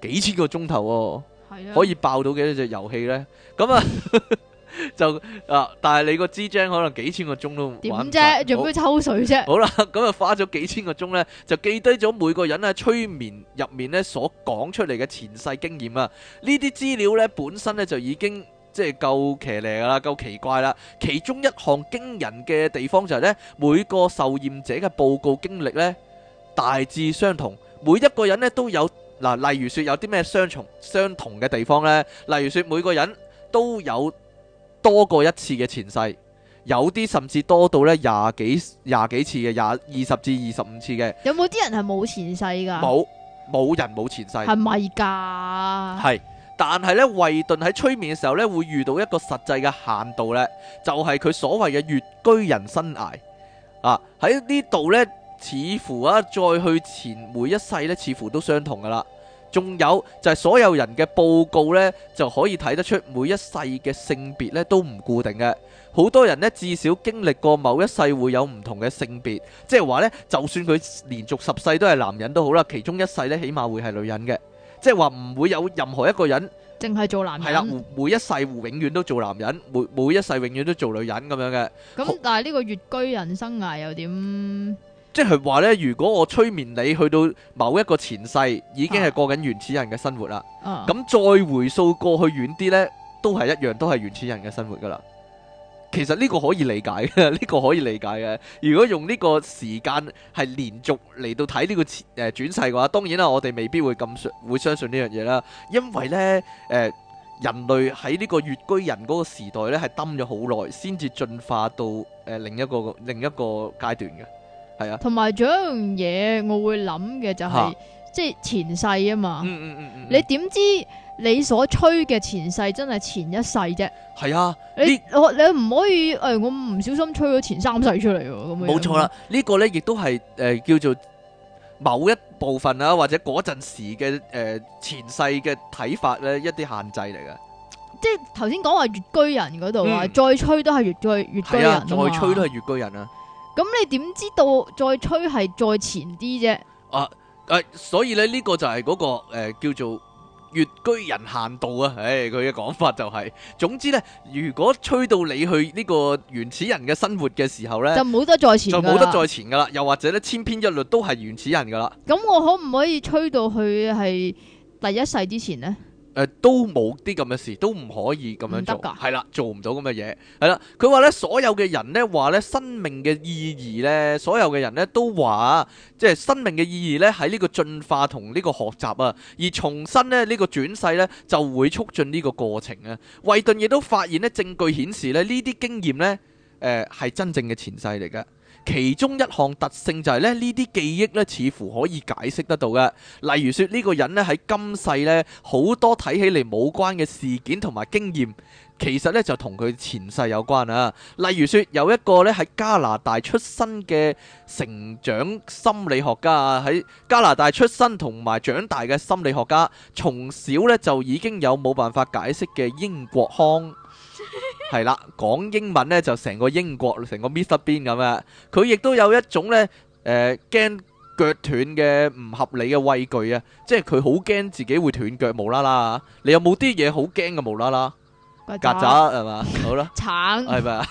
[SPEAKER 2] 幾千個鐘頭哦，的可以爆到幾多隻遊戲呢？咁啊！ [laughs] 就啊，但係你個支章可能幾千個鐘都唔掂啫？做咩抽水啫？好啦，咁啊花咗幾千個鐘咧，就記低咗每個人喺催眠入面咧所講出嚟嘅前世經驗啊。呢啲資料咧本身咧就已經即係夠騎呢啦，夠奇怪啦。其中一項驚人嘅地方就係咧，每個受驗者嘅報告經歷咧大致相同，每一個人咧都有嗱，例如說有啲咩相重相同嘅地方咧，例如說每個人都有。多過一次嘅前世，有啲甚至多到呢廿幾廿幾次嘅，廿二十至二十五次嘅。
[SPEAKER 1] 有冇啲人係冇前世噶？冇，
[SPEAKER 2] 冇人冇前世。係
[SPEAKER 1] 咪噶？係，
[SPEAKER 2] 但係呢，衛頓喺催眠嘅時候呢，會遇到一個實際嘅限度呢，就係、是、佢所謂嘅越居人生涯啊。喺呢度呢，似乎啊，再去前每一世呢，似乎都相同噶啦。仲有就係所有人嘅報告呢，就可以睇得出每一世嘅性別呢都唔固定嘅。好多人呢至少經歷過某一世會有唔同嘅性別，即係話呢，就算佢連續十世都係男人都好啦，其中一世呢起碼會係女人嘅，即係話唔會有任何一個人淨係做男人。係啦，每每一世永遠都做男人，每每一世永遠都做女人咁樣嘅。
[SPEAKER 1] 咁但係呢個越居人生涯又點？
[SPEAKER 2] 即係話呢，如果我催眠你去到某一個前世，已經係過緊原始人嘅生活啦。咁、啊啊、再回溯過去遠啲呢，都係一樣，都係原始人嘅生活噶啦。其實呢個可以理解嘅，呢、這個可以理解嘅。如果用呢個時間係連續嚟到睇呢個誒轉、呃、世嘅話，當然啦，我哋未必會咁相會相信呢樣嘢啦。因為呢誒、呃、人類喺呢個穴居人嗰個時代呢，係蹲咗好耐，先至進化到誒、呃、另一個另一個階段嘅。係、就是、啊，同
[SPEAKER 1] 埋仲有一樣嘢，我會諗嘅就係即係前世啊嘛。嗯嗯嗯嗯，嗯嗯嗯你點知你所吹嘅前世真係前一世啫？係啊，你這 你唔可以誒、哎，我唔小心吹咗前三世出嚟喎。咁樣冇錯啦，
[SPEAKER 2] 個呢個咧亦都係誒、呃、叫做某一部分啊，或者嗰陣時嘅誒、呃、前世嘅睇法咧一啲限制嚟嘅。
[SPEAKER 1] 即係頭先講話居、嗯、越,越居人嗰度啊，再吹都係越居越居人啊，再吹都係
[SPEAKER 2] 越居人啊。
[SPEAKER 1] 咁你點知道再吹係再前啲啫、
[SPEAKER 2] 啊？啊誒，所以咧呢個就係嗰、那個誒、呃、叫做越居人限度啊！誒、哎，佢嘅講法就係、是，總之呢，如果吹到你去呢個原始人嘅生活嘅時候呢，就冇得再前，就冇得再前噶啦。又或者呢，千篇一律都係原始人噶啦。
[SPEAKER 1] 咁我可唔可以吹到去係第一世之前呢？
[SPEAKER 2] 呃，都冇啲咁嘅事，都唔可以咁樣做，係啦，做唔到咁嘅嘢，係啦。佢話咧，所有嘅人咧，話咧，生命嘅意義咧，所有嘅人咧，都話即係生命嘅意義咧，喺呢個進化同呢個學習啊，而重新咧呢、呢個轉世咧，就會促進呢個過程啊。衛頓亦都發現咧，證據顯示咧，驗呢啲經驗咧，係、呃、真正嘅前世嚟噶。其中一項特性就係呢，呢啲記憶呢似乎可以解釋得到嘅。例如說，呢個人呢喺今世呢好多睇起嚟冇關嘅事件同埋經驗，其實呢就同佢前世有關啊。例如說，有一個呢喺加拿大出生嘅成長心理學家啊，喺加拿大出生同埋長大嘅心理學家，從小呢就已經有冇辦法解釋嘅英國腔。係啦，講、 [laughs] 嗯、英文呢就成個英國，成個 Mr. Bean 咁啊！佢亦都有一種呢誒，驚腳斷嘅唔合理嘅畏懼啊！即係佢好驚自己會斷腳，無啦啦。你有冇啲嘢好驚嘅，無啦啦？曱甴係嘛？好啦，
[SPEAKER 1] 橙係咪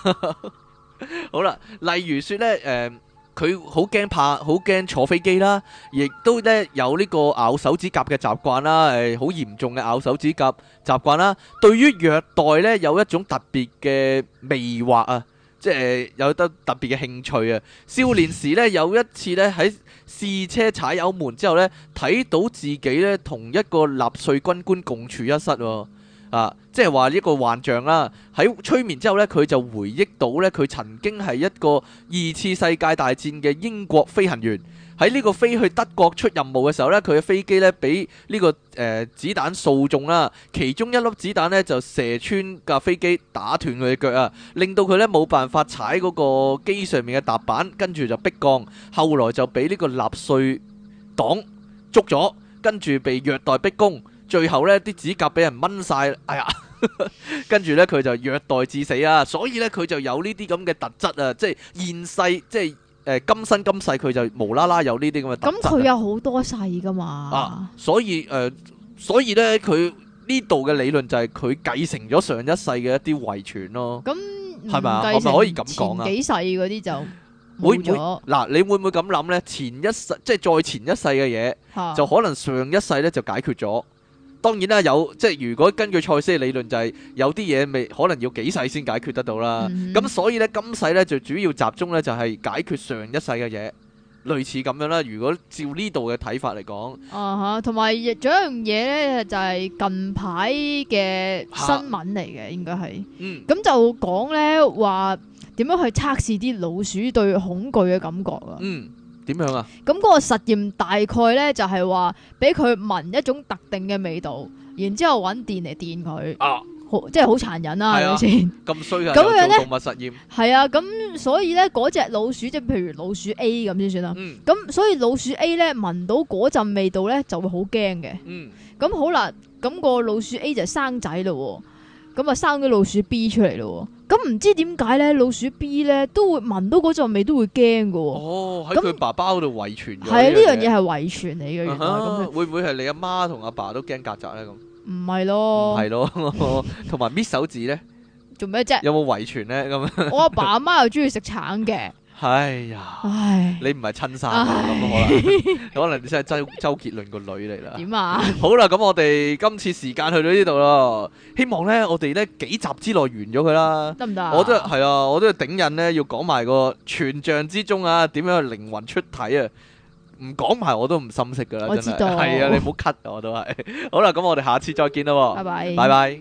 [SPEAKER 2] 好啦，例如說呢。誒、呃。佢好驚怕，好驚坐飛機啦，亦都咧有呢個咬手指甲嘅習慣啦，誒好嚴重嘅咬手指甲習慣啦。對於虐待呢，有一種特別嘅魅惑啊，即係有得特別嘅興趣啊。少年時呢，有一次呢，喺試車踩油門之後呢，睇到自己呢，同一個納粹軍官共處一室。啊，即係話呢一個幻象啦。喺催眠之後呢，佢就回憶到呢，佢曾經係一個二次世界大戰嘅英國飛行員。喺呢個飛去德國出任務嘅時候呢，佢嘅飛機呢，俾呢個誒子彈掃中啦。其中一粒子彈呢，就射穿架飛機，打斷佢嘅腳啊，令到佢呢冇辦法踩嗰個機上面嘅踏板，跟住就逼降。後來就俾呢個納粹黨捉咗，跟住被虐待逼供。最後呢啲指甲俾人掹晒，哎呀！ [laughs] 跟住呢，佢就虐待致死啊！所以呢，佢就有呢啲咁嘅特質啊，即係現世，即係誒、呃、今生今世，佢就無啦啦有呢啲咁嘅特質。
[SPEAKER 1] 咁佢有好多世噶嘛？
[SPEAKER 2] 啊，所以誒、呃，所以咧，佢呢度嘅理論就係佢繼承咗上一世嘅一啲遺傳咯。咁
[SPEAKER 1] 係咪啊？我咪可以咁講啊？幾世嗰啲就會唔會？
[SPEAKER 2] 嗱，你會唔會咁諗呢？前一世，即係再前一世嘅嘢， [laughs] 就可能上一世呢就解決咗。當然啦，有即係如果根據賽斯嘅理論，就係有啲嘢未可能要幾世先解決得到啦。咁、嗯、所以呢，今世呢就主要集中呢，就係解決上一世嘅嘢，類似咁樣啦。如果照呢度嘅睇法嚟講，
[SPEAKER 1] 啊同埋仲有一樣嘢呢，就係、是、近排嘅新聞嚟嘅，應該係，咁、啊嗯、就講呢，話點樣去測試啲老鼠對恐懼嘅感覺啊？
[SPEAKER 2] 嗯。點樣啊？
[SPEAKER 1] 咁嗰個實驗大概咧就係話，俾佢聞一種特定嘅味道，然之後揾電嚟電佢。啊，好即係好殘忍啦、啊，係咪、啊、先？
[SPEAKER 2] 咁衰咁樣咧， [laughs] 呢動物實驗
[SPEAKER 1] 係啊。咁所以咧，嗰隻老鼠即係譬如老鼠 A 咁先算啦。咁、嗯、所以老鼠 A 咧聞到嗰陣味道咧就會好驚嘅。咁、嗯、好啦，咁、嗰個老鼠 A 就係生仔啦。咁啊，生咗老鼠 B 出嚟咯、啊，咁唔知點解咧？老鼠 B 咧都，都會聞到嗰陣味都會驚噶。哦，喺
[SPEAKER 2] 佢爸爸嗰度遺傳。係啊哈，呢樣嘢係遺傳嚟嘅。原來咁會唔會係你阿媽同阿爸都驚曱甴咧？咁唔係
[SPEAKER 1] 咯，唔係
[SPEAKER 2] 咯，同埋搣手指咧，
[SPEAKER 1] 做咩啫？
[SPEAKER 2] 有冇遺傳咧？咁 [laughs] 我阿爸阿
[SPEAKER 1] 媽又中意食橙嘅。哎呀！呦
[SPEAKER 2] 你唔係親生，咁可能，可能你真係周周杰倫個女嚟啦。點啊？ [laughs] 好啦，咁我哋今次時間去到呢度咯，希望呢，我哋呢幾集之內完咗佢啦。得唔得？我都係啊，我都係頂癮呢。要講埋個全像之中啊，點樣去靈魂出體啊，唔講埋我都唔心息噶啦。真係，我知道。係啊，你唔好 cut、啊、我都係。好啦，咁我哋下次再見啦。拜拜，拜拜。